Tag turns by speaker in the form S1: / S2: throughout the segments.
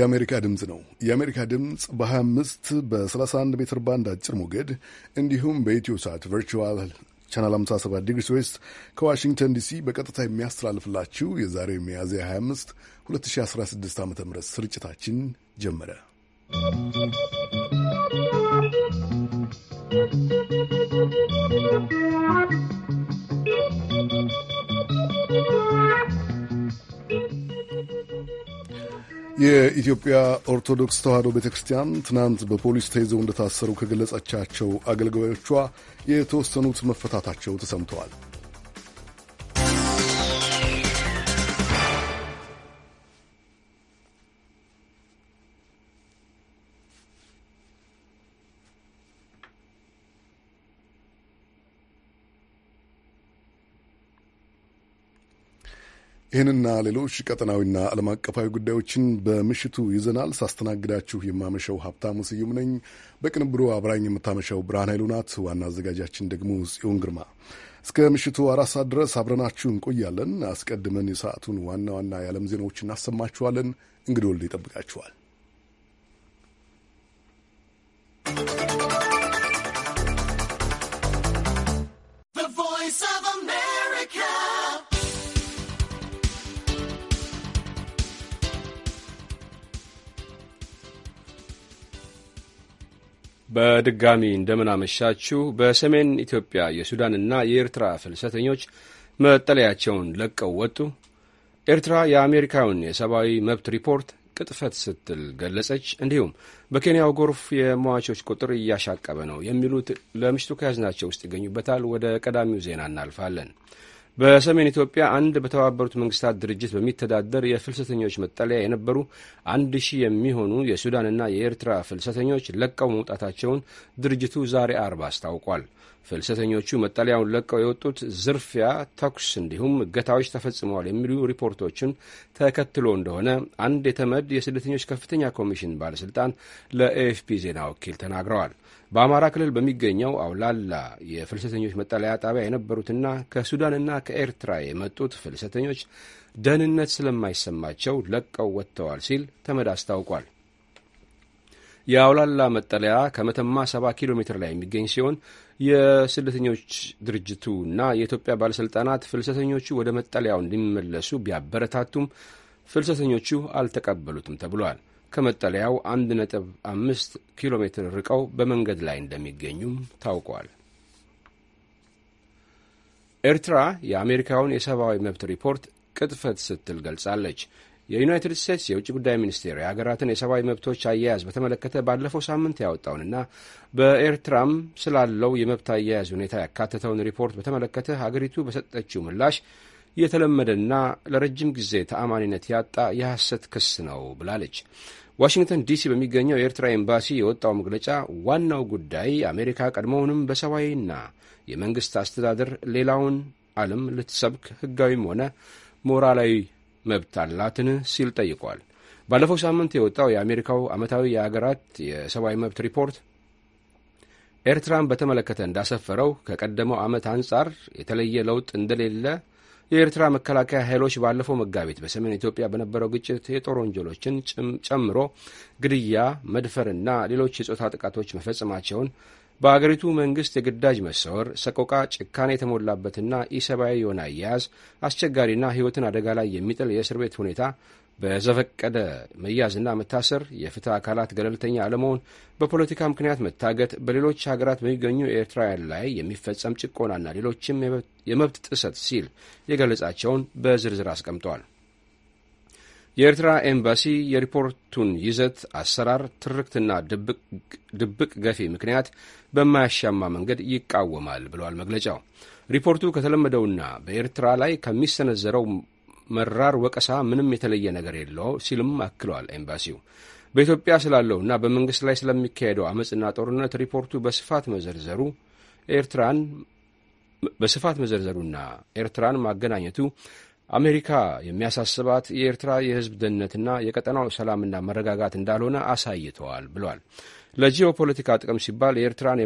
S1: የአሜሪካ ድምፅ ነው። የአሜሪካ ድምፅ በ25 በ31 ሜትር ባንድ አጭር ሞገድ እንዲሁም በኢትዮ ሳት ቨርቹዋል ቻናል 57 ዲግሪ ስዌስት ከዋሽንግተን ዲሲ በቀጥታ የሚያስተላልፍላችሁ የዛሬ ሚያዝያ 25 2016 ዓ ም ስርጭታችን ጀመረ። ¶¶ የኢትዮጵያ ኦርቶዶክስ ተዋሕዶ ቤተ ክርስቲያን ትናንት በፖሊስ ተይዘው እንደታሰሩ ከገለጸቻቸው አገልጋዮቿ የተወሰኑት መፈታታቸው ተሰምተዋል። ይህንና ሌሎች ቀጠናዊና ዓለም አቀፋዊ ጉዳዮችን በምሽቱ ይዘናል። ሳስተናግዳችሁ የማመሸው ሀብታሙ ስዩም ነኝ። በቅንብሩ አብራኝ የምታመሸው ብርሃን ኃይሉ ናት። ዋና አዘጋጃችን ደግሞ ጽዮን ግርማ። እስከ ምሽቱ አራት ሰዓት ድረስ አብረናችሁ እንቆያለን። አስቀድመን የሰዓቱን ዋና ዋና የዓለም ዜናዎች እናሰማችኋለን። እንግዲህ ወልድ ይጠብቃችኋል።
S2: በድጋሚ እንደምናመሻችሁ። በሰሜን ኢትዮጵያ የሱዳንና የኤርትራ ፍልሰተኞች መጠለያቸውን ለቀው ወጡ። ኤርትራ የአሜሪካውን የሰብአዊ መብት ሪፖርት ቅጥፈት ስትል ገለጸች። እንዲሁም በኬንያው ጎርፍ የሟቾች ቁጥር እያሻቀበ ነው የሚሉት ለምሽቱ ከያዝናቸው ውስጥ ይገኙበታል። ወደ ቀዳሚው ዜና እናልፋለን። በሰሜን ኢትዮጵያ አንድ በተባበሩት መንግስታት ድርጅት በሚተዳደር የፍልሰተኞች መጠለያ የነበሩ አንድ ሺህ የሚሆኑ የሱዳንና የኤርትራ ፍልሰተኞች ለቀው መውጣታቸውን ድርጅቱ ዛሬ አርብ አስታውቋል። ፍልሰተኞቹ መጠለያውን ለቀው የወጡት ዝርፊያ፣ ተኩስ እንዲሁም እገታዎች ተፈጽመዋል የሚሉ ሪፖርቶችን ተከትሎ እንደሆነ አንድ የተመድ የስደተኞች ከፍተኛ ኮሚሽን ባለሥልጣን ለኤኤፍፒ ዜና ወኪል ተናግረዋል። በአማራ ክልል በሚገኘው አውላላ የፍልሰተኞች መጠለያ ጣቢያ የነበሩትና ከሱዳንና ከኤርትራ የመጡት ፍልሰተኞች ደህንነት ስለማይሰማቸው ለቀው ወጥተዋል ሲል ተመድ አስታውቋል። የአውላላ መጠለያ ከመተማ 70 ኪሎ ሜትር ላይ የሚገኝ ሲሆን የስደተኞች ድርጅቱ እና የኢትዮጵያ ባለሥልጣናት ፍልሰተኞቹ ወደ መጠለያው እንዲመለሱ ቢያበረታቱም ፍልሰተኞቹ አልተቀበሉትም ተብሏል። ከመጠለያው 1.5 ኪሎ ሜትር ርቀው በመንገድ ላይ እንደሚገኙም ታውቋል። ኤርትራ የአሜሪካውን የሰብአዊ መብት ሪፖርት ቅጥፈት ስትል ገልጻለች። የዩናይትድ ስቴትስ የውጭ ጉዳይ ሚኒስቴር የሀገራትን የሰብአዊ መብቶች አያያዝ በተመለከተ ባለፈው ሳምንት ያወጣውንና በኤርትራም ስላለው የመብት አያያዝ ሁኔታ ያካተተውን ሪፖርት በተመለከተ ሀገሪቱ በሰጠችው ምላሽ የተለመደና ለረጅም ጊዜ ተአማኒነት ያጣ የሐሰት ክስ ነው ብላለች። ዋሽንግተን ዲሲ በሚገኘው የኤርትራ ኤምባሲ የወጣው መግለጫ ዋናው ጉዳይ አሜሪካ ቀድሞውንም በሰብአዊና የመንግሥት አስተዳደር ሌላውን ዓለም ልትሰብክ ሕጋዊም ሆነ ሞራላዊ መብት አላትን ሲል ጠይቋል። ባለፈው ሳምንት የወጣው የአሜሪካው ዓመታዊ የአገራት የሰብአዊ መብት ሪፖርት ኤርትራን በተመለከተ እንዳሰፈረው ከቀደመው ዓመት አንጻር የተለየ ለውጥ እንደሌለ የኤርትራ መከላከያ ኃይሎች ባለፈው መጋቢት በሰሜን ኢትዮጵያ በነበረው ግጭት የጦር ወንጀሎችን ጨምሮ ግድያ፣ መድፈርና ሌሎች የጾታ ጥቃቶች መፈጸማቸውን በአገሪቱ መንግሥት የግዳጅ መሰወር፣ ሰቆቃ፣ ጭካኔ የተሞላበትና ኢሰብአዊ የሆነ አያያዝ፣ አስቸጋሪና ሕይወትን አደጋ ላይ የሚጥል የእስር ቤት ሁኔታ፣ በዘፈቀደ መያዝና መታሰር፣ የፍትህ አካላት ገለልተኛ አለመሆን፣ በፖለቲካ ምክንያት መታገት፣ በሌሎች ሀገራት በሚገኙ ኤርትራውያን ላይ የሚፈጸም ጭቆናና ሌሎችም የመብት ጥሰት ሲል የገለጻቸውን በዝርዝር አስቀምጧል። የኤርትራ ኤምባሲ የሪፖርቱን ይዘት፣ አሰራር፣ ትርክትና ድብቅ ገፊ ምክንያት በማያሻማ መንገድ ይቃወማል ብለዋል መግለጫው። ሪፖርቱ ከተለመደውና በኤርትራ ላይ ከሚሰነዘረው መራር ወቀሳ ምንም የተለየ ነገር የለው ሲልም አክሏል ኤምባሲው። በኢትዮጵያ ስላለውና በመንግሥት ላይ ስለሚካሄደው አመፅና ጦርነት ሪፖርቱ በስፋት መዘርዘሩ ኤርትራን በስፋት መዘርዘሩና ኤርትራን ማገናኘቱ አሜሪካ የሚያሳስባት የኤርትራ የህዝብ ደህንነትና የቀጠናው ሰላምና መረጋጋት እንዳልሆነ አሳይተዋል ብሏል። ለጂኦፖለቲካ ጥቅም ሲባል የኤርትራን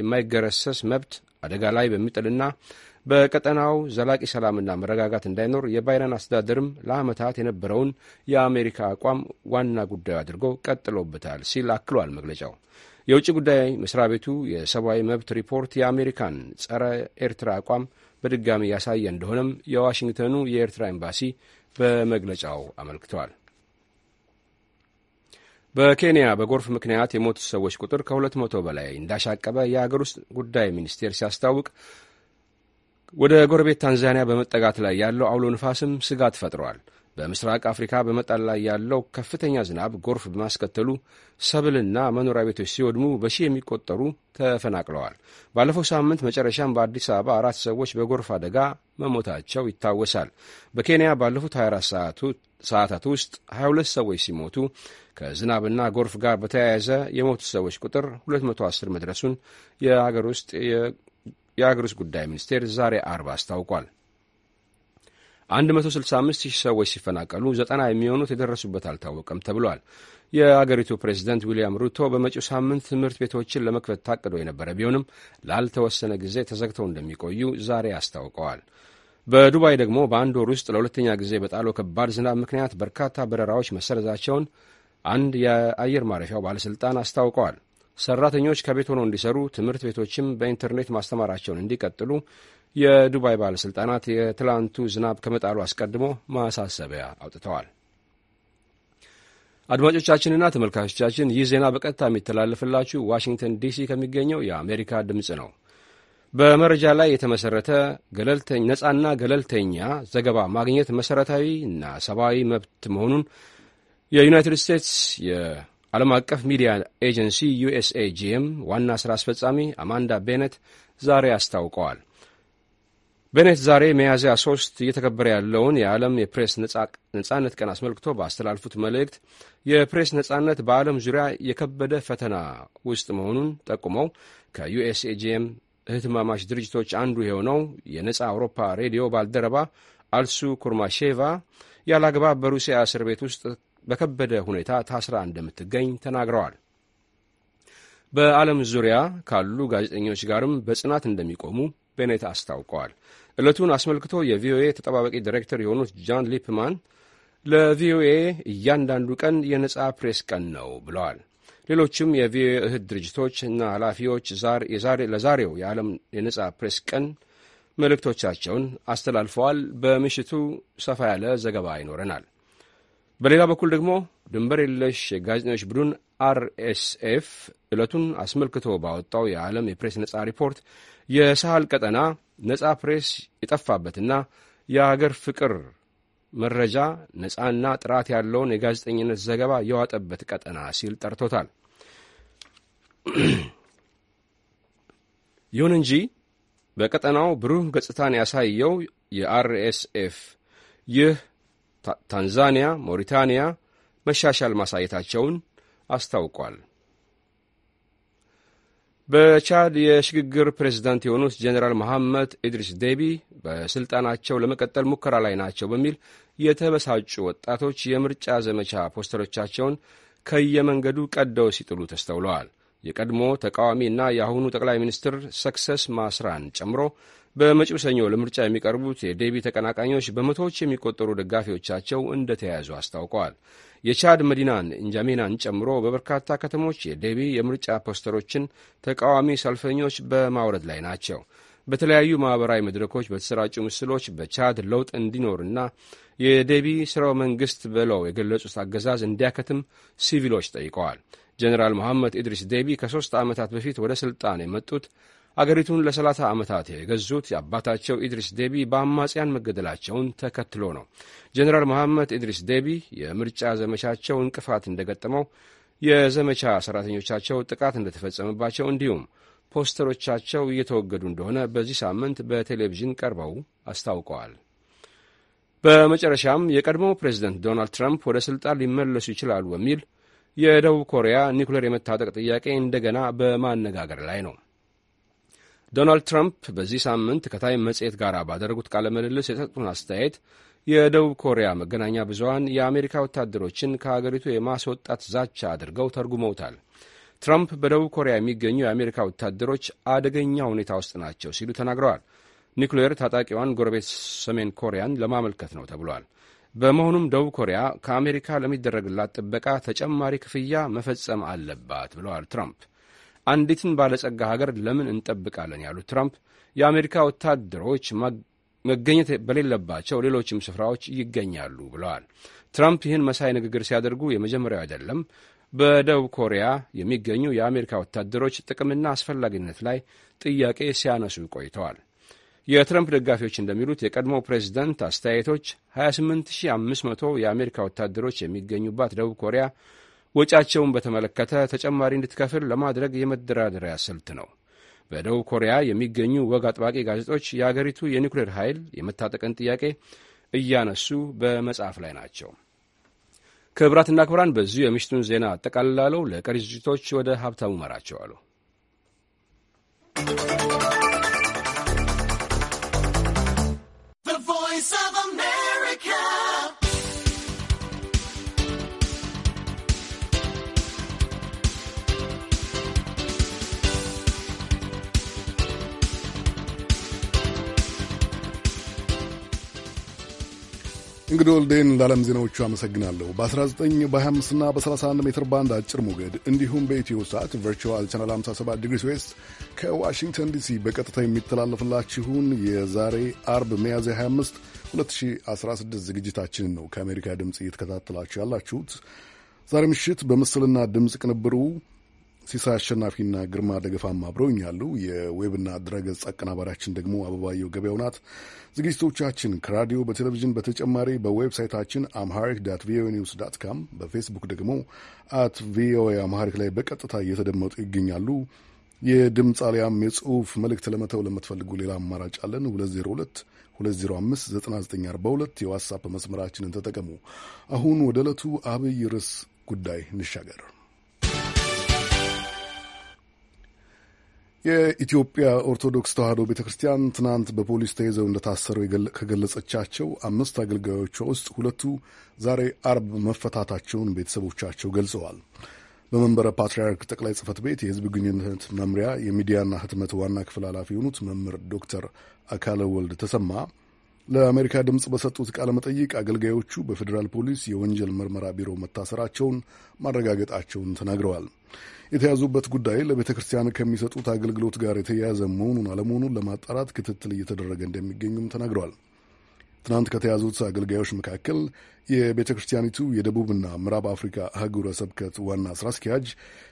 S2: የማይገረሰስ መብት አደጋ ላይ በሚጥልና በቀጠናው ዘላቂ ሰላምና መረጋጋት እንዳይኖር የባይደን አስተዳደርም ለዓመታት የነበረውን የአሜሪካ አቋም ዋና ጉዳዩ አድርጎ ቀጥሎበታል ሲል አክሏል መግለጫው። የውጭ ጉዳይ መስሪያ ቤቱ የሰብአዊ መብት ሪፖርት የአሜሪካን ጸረ ኤርትራ አቋም በድጋሚ ያሳየ እንደሆነም የዋሽንግተኑ የኤርትራ ኤምባሲ በመግለጫው አመልክቷል። በኬንያ በጎርፍ ምክንያት የሞቱት ሰዎች ቁጥር ከሁለት 200 በላይ እንዳሻቀበ የአገር ውስጥ ጉዳይ ሚኒስቴር ሲያስታውቅ ወደ ጎረቤት ታንዛኒያ በመጠጋት ላይ ያለው አውሎ ንፋስም ስጋት ፈጥሯል። በምስራቅ አፍሪካ በመጣል ላይ ያለው ከፍተኛ ዝናብ ጎርፍ በማስከተሉ ሰብልና መኖሪያ ቤቶች ሲወድሙ በሺህ የሚቆጠሩ ተፈናቅለዋል። ባለፈው ሳምንት መጨረሻም በአዲስ አበባ አራት ሰዎች በጎርፍ አደጋ መሞታቸው ይታወሳል። በኬንያ ባለፉት 24 ሰዓታት ውስጥ 22 ሰዎች ሲሞቱ ከዝናብና ጎርፍ ጋር በተያያዘ የሞቱ ሰዎች ቁጥር 210 መድረሱን የአገር ውስጥ ጉዳይ ሚኒስቴር ዛሬ አርብ አስታውቋል። 165 ሺህ ሰዎች ሲፈናቀሉ ዘጠና የሚሆኑት የደረሱበት አልታወቀም ተብሏል። የአገሪቱ ፕሬዚደንት ዊልያም ሩቶ በመጪው ሳምንት ትምህርት ቤቶችን ለመክፈት ታቅዶ የነበረ ቢሆንም ላልተወሰነ ጊዜ ተዘግተው እንደሚቆዩ ዛሬ አስታውቀዋል። በዱባይ ደግሞ በአንድ ወር ውስጥ ለሁለተኛ ጊዜ በጣለው ከባድ ዝናብ ምክንያት በርካታ በረራዎች መሰረዛቸውን አንድ የአየር ማረፊያው ባለሥልጣን አስታውቀዋል። ሰራተኞች ከቤት ሆነው እንዲሰሩ፣ ትምህርት ቤቶችም በኢንተርኔት ማስተማራቸውን እንዲቀጥሉ የዱባይ ባለሥልጣናት የትላንቱ ዝናብ ከመጣሉ አስቀድሞ ማሳሰቢያ አውጥተዋል። አድማጮቻችንና ተመልካቾቻችን ይህ ዜና በቀጥታ የሚተላለፍላችሁ ዋሽንግተን ዲሲ ከሚገኘው የአሜሪካ ድምፅ ነው። በመረጃ ላይ የተመሠረተ ነጻና ገለልተኛ ዘገባ ማግኘት መሠረታዊና ሰብአዊ መብት መሆኑን የዩናይትድ ስቴትስ የዓለም አቀፍ ሚዲያ ኤጀንሲ ዩኤስኤጂኤም ዋና ሥራ አስፈጻሚ አማንዳ ቤነት ዛሬ አስታውቀዋል። ቤኔት ዛሬ ሚያዝያ 3 እየተከበረ ያለውን የዓለም የፕሬስ ነጻነት ቀን አስመልክቶ ባስተላልፉት መልእክት የፕሬስ ነጻነት በዓለም ዙሪያ የከበደ ፈተና ውስጥ መሆኑን ጠቁመው ከዩኤስኤጂኤም እህትማማች ድርጅቶች አንዱ የሆነው የነጻ አውሮፓ ሬዲዮ ባልደረባ አልሱ ኩርማሼቫ ያላግባብ በሩሲያ እስር ቤት ውስጥ በከበደ ሁኔታ ታስራ እንደምትገኝ ተናግረዋል። በዓለም ዙሪያ ካሉ ጋዜጠኞች ጋርም በጽናት እንደሚቆሙ ቤኔት አስታውቀዋል። ዕለቱን አስመልክቶ የቪኦኤ ተጠባባቂ ዲሬክተር የሆኑት ጃን ሊፕማን ለቪኦኤ እያንዳንዱ ቀን የነጻ ፕሬስ ቀን ነው ብለዋል። ሌሎችም የቪኦኤ እህት ድርጅቶች እና ኃላፊዎች ለዛሬው የዓለም የነጻ ፕሬስ ቀን መልእክቶቻቸውን አስተላልፈዋል። በምሽቱ ሰፋ ያለ ዘገባ ይኖረናል። በሌላ በኩል ደግሞ ድንበር የለሽ የጋዜጠኞች ቡድን አርኤስኤፍ ዕለቱን አስመልክቶ ባወጣው የዓለም የፕሬስ ነጻ ሪፖርት የሳህል ቀጠና ነጻ ፕሬስ የጠፋበትና የአገር ፍቅር መረጃ ነጻና ጥራት ያለውን የጋዜጠኝነት ዘገባ የዋጠበት ቀጠና ሲል ጠርቶታል። ይሁን እንጂ በቀጠናው ብሩህ ገጽታን ያሳየው የአርኤስኤፍ ይህ ታንዛኒያ፣ ሞሪታንያ መሻሻል ማሳየታቸውን አስታውቋል። በቻድ የሽግግር ፕሬዝዳንት የሆኑት ጀኔራል መሐመድ ኢድሪስ ዴቢ በሥልጣናቸው ለመቀጠል ሙከራ ላይ ናቸው በሚል የተበሳጩ ወጣቶች የምርጫ ዘመቻ ፖስተሮቻቸውን ከየመንገዱ ቀደው ሲጥሉ ተስተውለዋል። የቀድሞ ተቃዋሚ እና የአሁኑ ጠቅላይ ሚኒስትር ሰክሰስ ማስራን ጨምሮ በመጪው ሰኞ ለምርጫ የሚቀርቡት የዴቢ ተቀናቃኞች በመቶዎች የሚቆጠሩ ደጋፊዎቻቸው እንደተያያዙ አስታውቀዋል። የቻድ መዲናን እንጃሜናን ጨምሮ በበርካታ ከተሞች የዴቢ የምርጫ ፖስተሮችን ተቃዋሚ ሰልፈኞች በማውረድ ላይ ናቸው። በተለያዩ ማኅበራዊ መድረኮች በተሰራጩ ምስሎች በቻድ ለውጥ እንዲኖርና የዴቢ ሥራው መንግሥት ብለው የገለጹት አገዛዝ እንዲያከትም ሲቪሎች ጠይቀዋል። ጀኔራል መሐመድ ኢድሪስ ዴቢ ከሦስት ዓመታት በፊት ወደ ሥልጣን የመጡት አገሪቱን ለሰላሳ ዓመታት የገዙት የአባታቸው ኢድሪስ ዴቢ በአማጽያን መገደላቸውን ተከትሎ ነው። ጀኔራል መሐመድ ኢድሪስ ዴቢ የምርጫ ዘመቻቸው እንቅፋት እንደገጠመው፣ የዘመቻ ሠራተኞቻቸው ጥቃት እንደተፈጸመባቸው፣ እንዲሁም ፖስተሮቻቸው እየተወገዱ እንደሆነ በዚህ ሳምንት በቴሌቪዥን ቀርበው አስታውቀዋል። በመጨረሻም የቀድሞው ፕሬዚደንት ዶናልድ ትራምፕ ወደ ሥልጣን ሊመለሱ ይችላሉ በሚል የደቡብ ኮሪያ ኒኩሌር የመታጠቅ ጥያቄ እንደገና በማነጋገር ላይ ነው። ዶናልድ ትራምፕ በዚህ ሳምንት ከታይም መጽሔት ጋር ባደረጉት ቃለ ምልልስ የሰጡን አስተያየት የደቡብ ኮሪያ መገናኛ ብዙሀን የአሜሪካ ወታደሮችን ከአገሪቱ የማስወጣት ዛቻ አድርገው ተርጉመውታል። ትራምፕ በደቡብ ኮሪያ የሚገኙ የአሜሪካ ወታደሮች አደገኛ ሁኔታ ውስጥ ናቸው ሲሉ ተናግረዋል። ኒውክሌር ታጣቂዋን ጎረቤት ሰሜን ኮሪያን ለማመልከት ነው ተብሏል። በመሆኑም ደቡብ ኮሪያ ከአሜሪካ ለሚደረግላት ጥበቃ ተጨማሪ ክፍያ መፈጸም አለባት ብለዋል ትራምፕ አንዲትን ባለጸጋ ሀገር ለምን እንጠብቃለን ያሉት ትራምፕ የአሜሪካ ወታደሮች መገኘት በሌለባቸው ሌሎችም ስፍራዎች ይገኛሉ ብለዋል። ትራምፕ ይህን መሳይ ንግግር ሲያደርጉ የመጀመሪያው አይደለም። በደቡብ ኮሪያ የሚገኙ የአሜሪካ ወታደሮች ጥቅምና አስፈላጊነት ላይ ጥያቄ ሲያነሱ ቆይተዋል። የትረምፕ ደጋፊዎች እንደሚሉት የቀድሞው ፕሬዚደንት አስተያየቶች 28500 የአሜሪካ ወታደሮች የሚገኙባት ደቡብ ኮሪያ ወጪያቸውን በተመለከተ ተጨማሪ እንድትከፍል ለማድረግ የመደራደሪያ ስልት ነው። በደቡብ ኮሪያ የሚገኙ ወግ አጥባቂ ጋዜጦች የአገሪቱ የኒውክሌር ኃይል የመታጠቅን ጥያቄ እያነሱ በመጽሐፍ ላይ ናቸው። ክብራትና ክብራን በዚሁ የምሽቱን ዜና አጠቃልላለሁ። ለቀሪ ዝግጅቶች ወደ ሀብታሙ you.
S1: እንግዲህ ወልዴን ለዓለም ዜናዎቹ አመሰግናለሁ። በ19 በ25ና በ31 ሜትር ባንድ አጭር ሞገድ እንዲሁም በኢትዮ ሰዓት ቨርቹዋል ቻናል 57 ዲግሪ ስዌስት ከዋሽንግተን ዲሲ በቀጥታ የሚተላለፍላችሁን የዛሬ አርብ ሚያዝያ 25 2016 ዝግጅታችንን ነው ከአሜሪካ ድምፅ እየተከታተላችሁ ያላችሁት። ዛሬ ምሽት በምስልና ድምፅ ቅንብሩ ሲሳይ አሸናፊና ግርማ ደገፋም አብረውኛሉ። የዌብና ድረገጽ አቀናባሪያችን ደግሞ አበባየው ገበያው ናት። ዝግጅቶቻችን ከራዲዮ በቴሌቪዥን በተጨማሪ በዌብሳይታችን አምሃሪክ ዳት ቪኦኤ ኒውስ ዳት ካም፣ በፌስቡክ ደግሞ አት ቪኦኤ አምሃሪክ ላይ በቀጥታ እየተደመጡ ይገኛሉ። የድምፅ አሊያም የጽሁፍ መልእክት ለመተው ለምትፈልጉ ሌላ አማራጭ አለን። 202 205 9942 የዋትሳፕ መስመራችንን ተጠቀሙ። አሁን ወደ ዕለቱ አብይ ርዕስ ጉዳይ እንሻገር። የኢትዮጵያ ኦርቶዶክስ ተዋሕዶ ቤተ ክርስቲያን ትናንት በፖሊስ ተይዘው እንደታሰሩ ከገለጸቻቸው አምስት አገልጋዮቿ ውስጥ ሁለቱ ዛሬ አርብ መፈታታቸውን ቤተሰቦቻቸው ገልጸዋል። በመንበረ ፓትርያርክ ጠቅላይ ጽህፈት ቤት የህዝብ ግንኙነት መምሪያ የሚዲያና ህትመት ዋና ክፍል ኃላፊ የሆኑት መምህር ዶክተር አካለ ወልድ ተሰማ ለአሜሪካ ድምፅ በሰጡት ቃለ መጠይቅ አገልጋዮቹ በፌዴራል ፖሊስ የወንጀል ምርመራ ቢሮ መታሰራቸውን ማረጋገጣቸውን ተናግረዋል። የተያዙበት ጉዳይ ለቤተ ክርስቲያን ከሚሰጡት አገልግሎት ጋር የተያያዘ መሆኑን አለመሆኑን ለማጣራት ክትትል እየተደረገ እንደሚገኙም ተናግረዋል። ትናንት ከተያዙት አገልጋዮች መካከል የቤተ ክርስቲያኒቱ የደቡብና ምዕራብ አፍሪካ አህጉረ ስብከት ዋና ስራ አስኪያጅ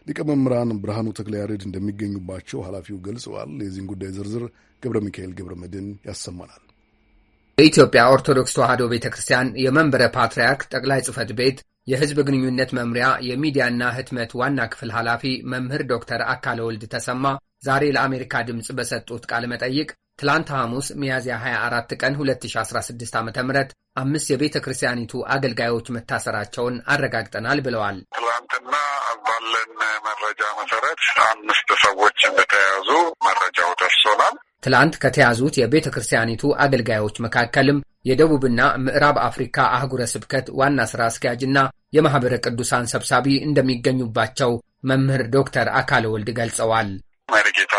S1: ሊቀ ብርሃኑ ተክለያሬድ እንደሚገኙባቸው ኃላፊው ገልጸዋል። የዚህን ጉዳይ ዝርዝር ገብረ ሚካኤል ገብረ መድን ያሰማናል።
S3: የኢትዮጵያ ኦርቶዶክስ ተዋሕዶ ቤተ ክርስቲያን የመንበረ ፓትርያርክ ጠቅላይ ጽህፈት ቤት የሕዝብ ግንኙነት መምሪያ የሚዲያና ህትመት ዋና ክፍል ኃላፊ መምህር ዶክተር አካለ ወልድ ተሰማ ዛሬ ለአሜሪካ ድምፅ በሰጡት ቃለ መጠይቅ ትላንት ሐሙስ ሚያዝያ 24 ቀን 2016 ዓ ም አምስት የቤተ ክርስቲያኒቱ አገልጋዮች መታሰራቸውን አረጋግጠናል ብለዋል። ትላንትና ባለን መረጃ መሰረት አምስት
S4: ሰዎች እንደተያዙ መረጃው
S3: ደርሶናል። ትላንት ከተያዙት የቤተ ክርስቲያኒቱ አገልጋዮች መካከልም የደቡብና ምዕራብ አፍሪካ አህጉረ ስብከት ዋና ሥራ አስኪያጅና የማኅበረ ቅዱሳን ሰብሳቢ እንደሚገኙባቸው መምህር ዶክተር አካለ ወልድ ገልጸዋል።
S4: መርጌታ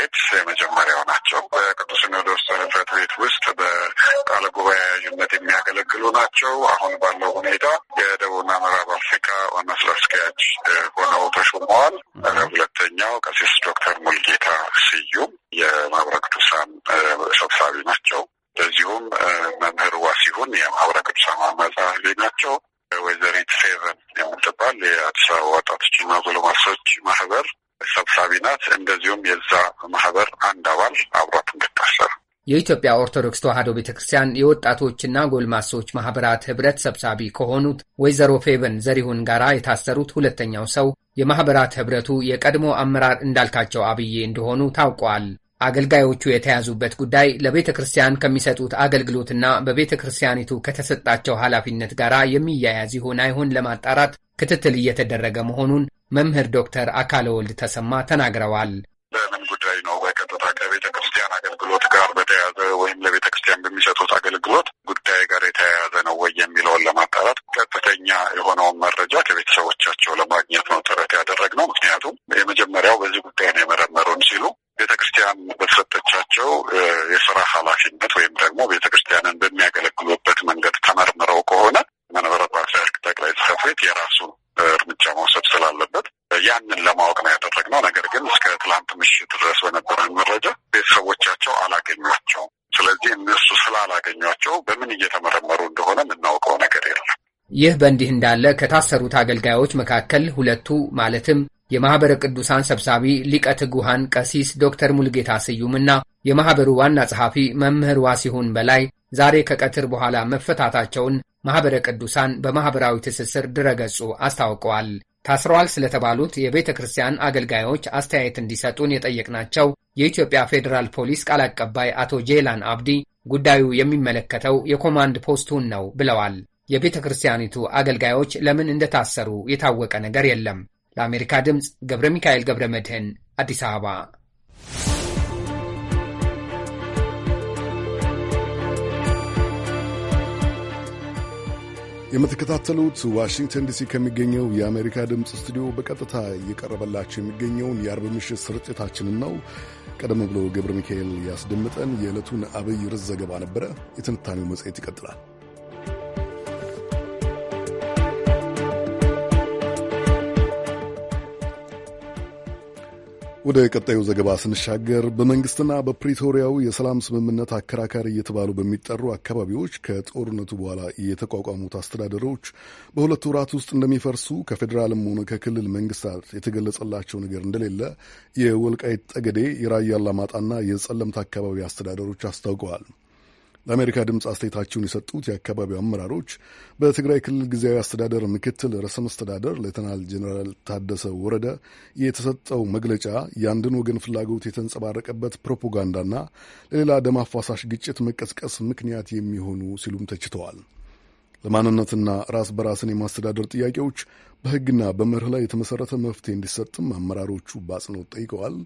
S4: ቤት የመጀመሪያው ናቸው። በቅዱስ ሲኖዶስ ጽሕፈት ቤት ውስጥ በቃለ ጉባኤነት የሚያገለግሉ ናቸው። አሁን ባለው ሁኔታ የደቡብና ምዕራብ አፍሪካ ዋና ስራ አስኪያጅ ሆነው ተሹመዋል። ሁለተኛው ቀሲስ ዶክተር ሙልጌታ ስዩም የማህበረ ቅዱሳን ሰብሳቢ ናቸው። እንደዚሁም መምህር ዋሲሁን የማህበረ ቅዱሳን ዋና ጸሐፊ ናቸው። ወይዘሪት ሴቨን የምትባል የአዲስ አበባ ወጣቶችና ጎልማሶች ማህበር ሰብሳቢ ናት። እንደዚሁም የዛ ማህበር አንድ አባል አብሯት እንድታሰር
S3: የኢትዮጵያ ኦርቶዶክስ ተዋሕዶ ቤተ ክርስቲያን የወጣቶችና ጎልማሶች ማህበራት ህብረት ሰብሳቢ ከሆኑት ወይዘሮ ፌቨን ዘሪሁን ጋር የታሰሩት ሁለተኛው ሰው የማህበራት ህብረቱ የቀድሞ አመራር እንዳልካቸው አብዬ እንደሆኑ ታውቋል። አገልጋዮቹ የተያዙበት ጉዳይ ለቤተ ክርስቲያን ከሚሰጡት አገልግሎትና በቤተ ክርስቲያኒቱ ከተሰጣቸው ኃላፊነት ጋር የሚያያዝ ይሆን አይሆን ለማጣራት ክትትል እየተደረገ መሆኑን መምህር ዶክተር አካለ ወልድ ተሰማ ተናግረዋል። በምን ጉዳይ ነው በቀጥታ ከቤተ
S4: ክርስቲያን አገልግሎት ጋር በተያያዘ ወይም ለቤተ ክርስቲያን በሚሰጡት አገልግሎት ጉዳይ ጋር የተያያዘ ነው ወይ የሚለውን ለማጣራት ቀጥተኛ የሆነውን መረጃ ከቤተሰቦቻቸው ለማግኘት ነው ጥረት ያደረግነው። ምክንያቱም የመጀመሪያው በዚህ ጉዳይ ነው የመረመሩን ሲሉ ቤተ ክርስቲያን በተሰጠቻቸው የስራ ኃላፊነት ወይም
S3: ይህ በእንዲህ እንዳለ ከታሰሩት አገልጋዮች መካከል ሁለቱ ማለትም የማኅበረ ቅዱሳን ሰብሳቢ ሊቀ ትጉሃን ቀሲስ ዶክተር ሙልጌታ ስዩምና የማኅበሩ ዋና ጸሐፊ መምህር ዋሲሁን በላይ ዛሬ ከቀትር በኋላ መፈታታቸውን ማኅበረ ቅዱሳን በማኅበራዊ ትስስር ድረገጹ አስታውቀዋል። ታስረዋል ስለተባሉት የቤተ ክርስቲያን አገልጋዮች አስተያየት እንዲሰጡን የጠየቅናቸው የኢትዮጵያ ፌዴራል ፖሊስ ቃል አቀባይ አቶ ጄላን አብዲ ጉዳዩ የሚመለከተው የኮማንድ ፖስቱን ነው ብለዋል። የቤተ ክርስቲያኒቱ አገልጋዮች ለምን እንደታሰሩ የታወቀ ነገር የለም። ለአሜሪካ ድምፅ ገብረ ሚካኤል ገብረ መድህን አዲስ አበባ።
S1: የምትከታተሉት ዋሽንግተን ዲሲ ከሚገኘው የአሜሪካ ድምፅ ስቱዲዮ በቀጥታ እየቀረበላቸው የሚገኘውን የአርብ ምሽት ስርጭታችንን ነው። ቀደም ብሎ ገብረ ሚካኤል ያስደምጠን የዕለቱን አብይ ርዕስ ዘገባ ነበረ። የትንታኔው መጽሔት ይቀጥላል። ወደ ቀጣዩ ዘገባ ስንሻገር በመንግስትና በፕሪቶሪያው የሰላም ስምምነት አከራካሪ እየተባሉ በሚጠሩ አካባቢዎች ከጦርነቱ በኋላ የተቋቋሙት አስተዳደሮች በሁለት ወራት ውስጥ እንደሚፈርሱ ከፌዴራልም ሆነ ከክልል መንግስታት የተገለጸላቸው ነገር እንደሌለ የወልቃይት ጠገዴ፣ የራያ አላማጣና የጸለምት አካባቢ አስተዳደሮች አስታውቀዋል። ለአሜሪካ ድምፅ አስተያየታቸውን የሰጡት የአካባቢው አመራሮች በትግራይ ክልል ጊዜያዊ አስተዳደር ምክትል ርዕሰ መስተዳደር ሌተናል ጀኔራል ታደሰ ወረደ የተሰጠው መግለጫ የአንድን ወገን ፍላጎት የተንጸባረቀበት ፕሮፓጋንዳና ለሌላ ደም አፋሳሽ ግጭት መቀስቀስ ምክንያት የሚሆኑ ሲሉም ተችተዋል። ለማንነትና ራስ በራስን የማስተዳደር ጥያቄዎች በሕግና በመርህ ላይ የተመሠረተ መፍትሄ እንዲሰጥም አመራሮቹ በአጽንኦት ጠይቀዋል።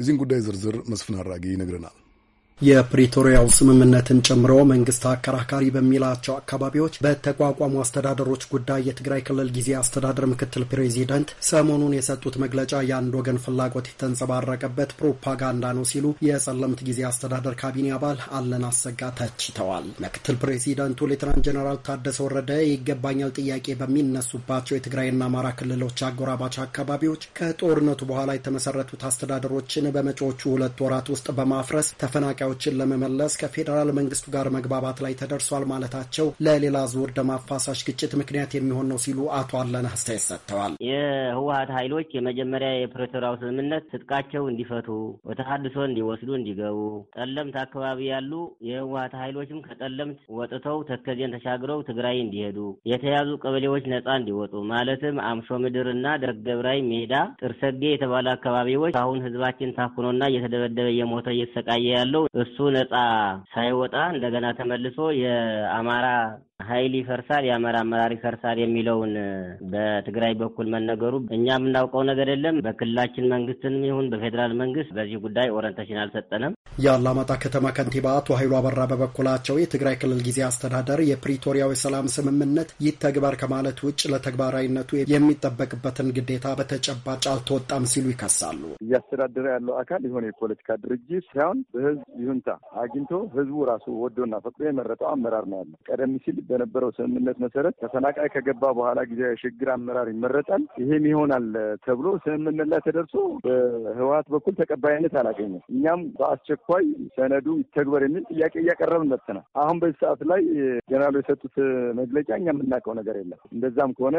S1: የዚህን ጉዳይ ዝርዝር መስፍን አራጌ ይነግረናል።
S5: የፕሪቶሪያው ስምምነትን ጨምሮ መንግስት አከራካሪ በሚላቸው አካባቢዎች በተቋቋሙ አስተዳደሮች ጉዳይ የትግራይ ክልል ጊዜ አስተዳደር ምክትል ፕሬዚደንት ሰሞኑን የሰጡት መግለጫ የአንድ ወገን ፍላጎት የተንጸባረቀበት ፕሮፓጋንዳ ነው ሲሉ የጸለምት ጊዜ አስተዳደር ካቢኔ አባል አለን አሰጋ ተችተዋል። ምክትል ፕሬዚደንቱ ሌትናንት ጀነራል ታደሰ ወረደ ይገባኛል ጥያቄ በሚነሱባቸው የትግራይና አማራ ክልሎች አጎራባች አካባቢዎች ከጦርነቱ በኋላ የተመሰረቱት አስተዳደሮችን በመጪዎቹ ሁለት ወራት ውስጥ በማፍረስ ተፈናቃዮ ጉዳዮችን ለመመለስ ከፌዴራል መንግስቱ ጋር መግባባት ላይ ተደርሷል ማለታቸው ለሌላ ዙር ደም አፋሳሽ ግጭት ምክንያት የሚሆን ነው ሲሉ አቶ አለና አስተያየት
S6: ሰጥተዋል። የህወሀት ኃይሎች የመጀመሪያ የፕሪቶሪያው ስምምነት ትጥቃቸው እንዲፈቱ፣ ተሃድሶ እንዲወስዱ፣ እንዲገቡ ጠለምት አካባቢ ያሉ የህወሀት ኃይሎችም ከጠለምት ወጥተው ተከዜን ተሻግረው ትግራይ እንዲሄዱ፣ የተያዙ ቀበሌዎች ነጻ እንዲወጡ ማለትም አምሾ ምድርና ደገብራይ ሜዳ ጥርሰጌ የተባሉ አካባቢዎች አሁን ህዝባችን ታፍኖና እየተደበደበ እየሞተ እየተሰቃየ ያለው እሱ ነፃ ሳይወጣ እንደገና ተመልሶ የአማራ ኃይል ይፈርሳል የአማራ አመራር ይፈርሳል የሚለውን በትግራይ በኩል መነገሩ እኛ የምናውቀው ነገር የለም። በክልላችን መንግስትንም ይሁን በፌዴራል መንግስት በዚህ ጉዳይ ኦረንቴሽን አልሰጠንም።
S5: የአላማጣ ከተማ ከንቲባ አቶ ኃይሉ አበራ በበኩላቸው የትግራይ ክልል ጊዜ አስተዳደር የፕሪቶሪያው የሰላም ስምምነት ይተግበር ከማለት ውጭ ለተግባራዊነቱ የሚጠበቅበትን ግዴታ በተጨባጭ አልተወጣም ሲሉ ይከሳሉ።
S7: እያስተዳደረ ያለው አካል የሆነ የፖለቲካ ድርጅት ሳይሆን በህዝብ ይሁንታ አግኝቶ ህዝቡ ራሱ ወዶና ፈቅዶ የመረጠው አመራር ነው ያለው ቀደም ሲል በነበረው ስምምነት መሰረት ተፈናቃይ ከገባ በኋላ ጊዜያዊ የሽግግር አመራር ይመረጣል። ይሄም ይሆናል ተብሎ ስምምነት ላይ ተደርሶ በህወሀት በኩል ተቀባይነት አላገኘም። እኛም በአስቸኳይ ሰነዱ ይተግበር የሚል ጥያቄ እያቀረብን መጥተናል። አሁን በዚህ ሰዓት ላይ ጀነራሉ የሰጡት መግለጫ እኛ የምናውቀው ነገር የለም። እንደዛም ከሆነ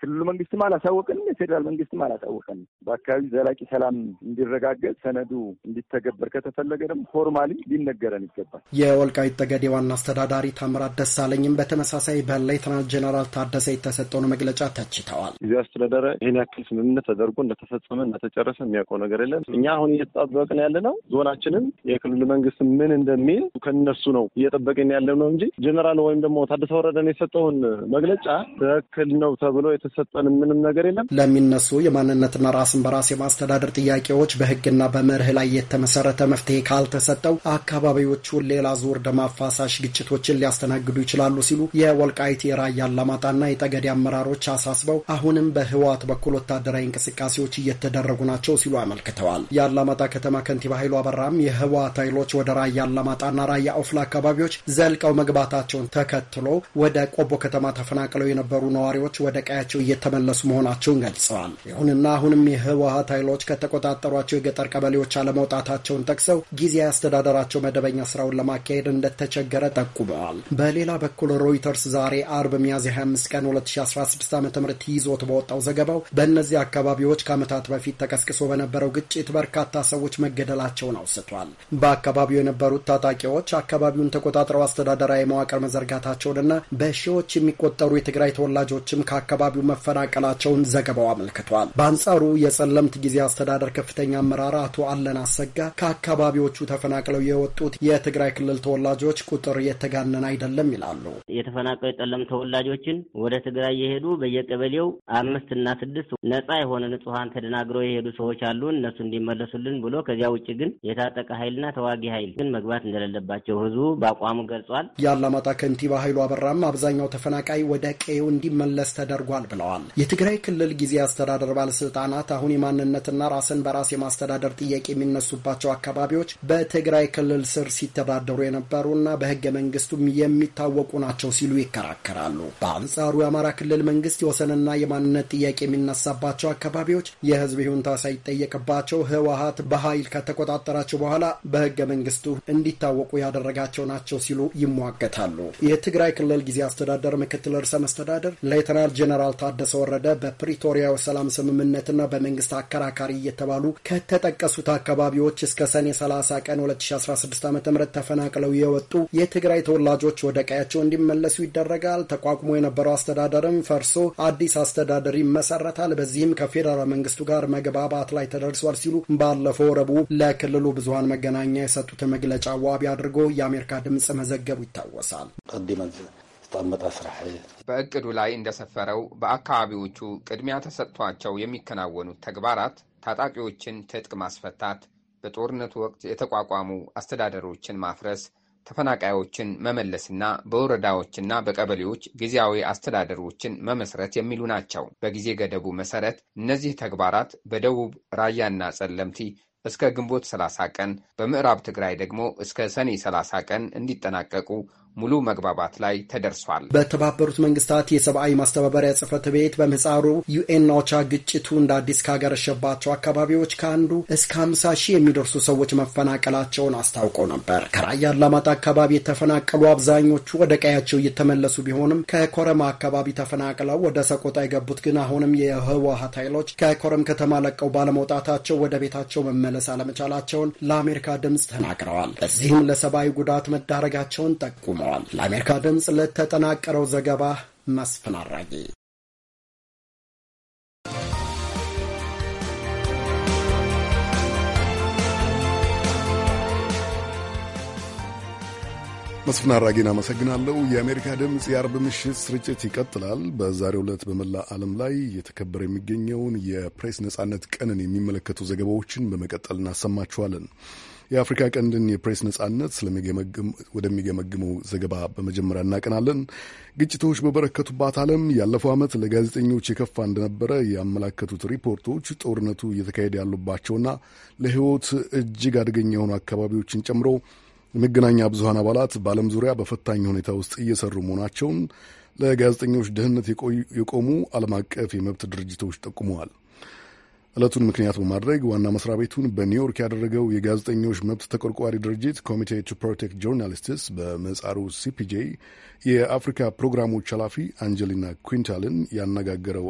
S7: ክልሉ መንግስትም አላሳወቅንም፣ የፌዴራል መንግስትም አላሳወቀንም። በአካባቢ ዘላቂ ሰላም እንዲረጋገጥ ሰነዱ እንዲተገበር ከተፈለገ ደግሞ ፎርማሊ ሊነገረን ይገባል።
S5: የወልቃይት ጠገዴ ዋና አስተዳዳሪ ታምራት ደሳለኝም በተመሳሳይ በሌተናንት ጀነራል ታደሰ የተሰጠውን መግለጫ ተችተዋል።
S7: ጊዜ አስተዳደረ ይህን ያክል ስምምነት ተደርጎ እንደተፈጸመ እንደተጨረሰ የሚያውቀው ነገር የለም። እኛ አሁን እየተጣበቅን ያለ ነው። ዞናችንም የክልሉ መንግስት ምን እንደሚል ከነሱ ነው እየጠበቅን ያለ ነው እንጂ ጀነራል ወይም ደግሞ ታደሰ ወረደን የሰጠውን መግለጫ ትክክል ነው ተብሎ የተሰጠን ምንም ነገር የለም።
S5: ለሚነሱ የማንነትና ራስን በራስ የማስተዳደር ጥያቄዎች በህግና በመርህ ላይ የተመሰረተ መፍትሄ ካልተሰጠው አካባቢዎቹን ሌላ ዙር ደም አፋሳሽ ግጭቶችን ሊያስተናግዱ ይችላሉ ሲ ሲሉ የወልቃይት የራያ አላማጣና የጠገዴ አመራሮች አሳስበው አሁንም በህወሓት በኩል ወታደራዊ እንቅስቃሴዎች እየተደረጉ ናቸው ሲሉ አመልክተዋል። የአላማጣ ከተማ ከንቲባ ኃይሉ አበራም የህወሓት ኃይሎች ወደ ራያ አላማጣና ራያ ኦፍላ አካባቢዎች ዘልቀው መግባታቸውን ተከትሎ ወደ ቆቦ ከተማ ተፈናቅለው የነበሩ ነዋሪዎች ወደ ቀያቸው እየተመለሱ መሆናቸውን ገልጸዋል። ይሁንና አሁንም የህወሓት ኃይሎች ከተቆጣጠሯቸው የገጠር ቀበሌዎች አለመውጣታቸውን ጠቅሰው ጊዜያዊ አስተዳደራቸው መደበኛ ስራውን ለማካሄድ እንደተቸገረ ጠቁመዋል። በሌላ በኩል ሮይተርስ ዛሬ አርብ ሚያዝያ 25 ቀን 2016 ዓ ም ይዞት በወጣው ዘገባው በእነዚህ አካባቢዎች ከዓመታት በፊት ተቀስቅሶ በነበረው ግጭት በርካታ ሰዎች መገደላቸውን አውስቷል። በአካባቢው የነበሩት ታጣቂዎች አካባቢውን ተቆጣጥረው አስተዳደራዊ መዋቅር መዘርጋታቸውንና በሺዎች የሚቆጠሩ የትግራይ ተወላጆችም ከአካባቢው መፈናቀላቸውን ዘገባው አመልክቷል። በአንጻሩ የጸለምት ጊዜ አስተዳደር ከፍተኛ አመራር አቶ አለን አሰጋ ከአካባቢዎቹ ተፈናቅለው የወጡት የትግራይ ክልል ተወላጆች ቁጥር የተጋነን አይደለም ይላሉ።
S6: የተፈናቀሉ የጠለም ተወላጆችን ወደ ትግራይ የሄዱ በየቀበሌው አምስት እና ስድስት ነጻ የሆነ ንጹሀን ተደናግሮ የሄዱ ሰዎች አሉ። እነሱ እንዲመለሱልን ብሎ ከዚያ ውጭ ግን የታጠቀ ኃይልና ተዋጊ ኃይል ግን መግባት እንደሌለባቸው ህዝቡ በአቋሙ ገልጿል።
S5: የአላማጣ ከንቲባ ኃይሉ አበራም አብዛኛው ተፈናቃይ ወደ ቀዬው እንዲመለስ ተደርጓል ብለዋል። የትግራይ ክልል ጊዜ አስተዳደር ባለስልጣናት አሁን የማንነትና ራስን በራስ የማስተዳደር ጥያቄ የሚነሱባቸው አካባቢዎች በትግራይ ክልል ስር ሲተዳደሩ የነበሩና በህገ መንግስቱም የሚታወቁ ናቸው ናቸው ሲሉ ይከራከራሉ። በአንጻሩ የአማራ ክልል መንግስት የወሰንና የማንነት ጥያቄ የሚነሳባቸው አካባቢዎች የህዝብ ይሁንታ ሳይጠየቅባቸው ህወሀት በኃይል ከተቆጣጠራቸው በኋላ በህገ መንግስቱ እንዲታወቁ ያደረጋቸው ናቸው ሲሉ ይሟገታሉ። የትግራይ ክልል ጊዜ አስተዳደር ምክትል ርዕሰ መስተዳደር ሌተናል ጄኔራል ታደሰ ወረደ በፕሪቶሪያው ሰላም ስምምነትና በመንግስት አከራካሪ እየተባሉ ከተጠቀሱት አካባቢዎች እስከ ሰኔ 30 ቀን 2016 ዓ ም ተፈናቅለው የወጡ የትግራይ ተወላጆች ወደ ቀያቸው እንዲመ እንዲመለሱ ይደረጋል። ተቋቁሞ የነበረው አስተዳደርም ፈርሶ አዲስ አስተዳደር ይመሰረታል። በዚህም ከፌዴራል መንግስቱ ጋር መግባባት ላይ ተደርሷል ሲሉ ባለፈው ረቡዕ ለክልሉ ብዙሀን መገናኛ የሰጡትን መግለጫ ዋቢ አድርጎ የአሜሪካ ድምፅ መዘገቡ ይታወሳል።
S3: በእቅዱ ላይ እንደሰፈረው በአካባቢዎቹ ቅድሚያ ተሰጥቷቸው የሚከናወኑት ተግባራት ታጣቂዎችን ትጥቅ ማስፈታት፣ በጦርነቱ ወቅት የተቋቋሙ አስተዳደሮችን ማፍረስ ተፈናቃዮችን መመለስና በወረዳዎችና በቀበሌዎች ጊዜያዊ አስተዳደሮችን መመስረት የሚሉ ናቸው። በጊዜ ገደቡ መሰረት እነዚህ ተግባራት በደቡብ ራያና ጸለምቲ እስከ ግንቦት 30 ቀን በምዕራብ ትግራይ ደግሞ እስከ ሰኔ 30 ቀን እንዲጠናቀቁ ሙሉ መግባባት ላይ ተደርሷል።
S5: በተባበሩት መንግስታት የሰብአዊ ማስተባበሪያ ጽህፈት ቤት በምህፃሩ ዩኤን ኦቻ ግጭቱ እንደ አዲስ ካገረሸባቸው አካባቢዎች ከአንዱ እስከ 50 ሺህ የሚደርሱ ሰዎች መፈናቀላቸውን አስታውቆ ነበር። ከራያ አላማጣ አካባቢ የተፈናቀሉ አብዛኞቹ ወደ ቀያቸው እየተመለሱ ቢሆንም ከኮረማ አካባቢ ተፈናቅለው ወደ ሰቆጣ የገቡት ግን አሁንም የህወሀት ኃይሎች ከኮረም ከተማ ለቀው ባለመውጣታቸው ወደ ቤታቸው መመለስ አለመቻላቸውን ለአሜሪካ ድምፅ ተናግረዋል። በዚህም ለሰብአዊ ጉዳት መዳረጋቸውን ጠቁሟል። ተጀምሯል። ለአሜሪካ ድምፅ ለተጠናቀረው ዘገባ መስፍን አራጌ
S1: መስፍን አራጌን አመሰግናለሁ። የአሜሪካ ድምፅ የአርብ ምሽት ስርጭት ይቀጥላል። በዛሬው ዕለት በመላ ዓለም ላይ እየተከበረ የሚገኘውን የፕሬስ ነጻነት ቀንን የሚመለከቱ ዘገባዎችን በመቀጠል እናሰማችኋለን። የአፍሪካ ቀንድን የፕሬስ ነጻነት ወደሚገመግመው ዘገባ በመጀመሪያ እናቀናለን። ግጭቶች በበረከቱባት ዓለም ያለፈው ዓመት ለጋዜጠኞች የከፋ እንደነበረ ያመላከቱት ሪፖርቶች ጦርነቱ እየተካሄደ ያሉባቸውና ለሕይወት እጅግ አደገኛ የሆኑ አካባቢዎችን ጨምሮ የመገናኛ ብዙሀን አባላት በዓለም ዙሪያ በፈታኝ ሁኔታ ውስጥ እየሰሩ መሆናቸውን ለጋዜጠኞች ደህንነት የቆሙ ዓለም አቀፍ የመብት ድርጅቶች ጠቁመዋል። ዕለቱን ምክንያት በማድረግ ዋና መስሪያ ቤቱን በኒውዮርክ ያደረገው የጋዜጠኞች መብት ተቆርቋሪ ድርጅት ኮሚቴ ቱ ፕሮቴክት ጆርናሊስትስ በምህጻሩ ሲፒጄ የአፍሪካ ፕሮግራሞች ኃላፊ አንጀሊና ኩንታልን ያነጋገረው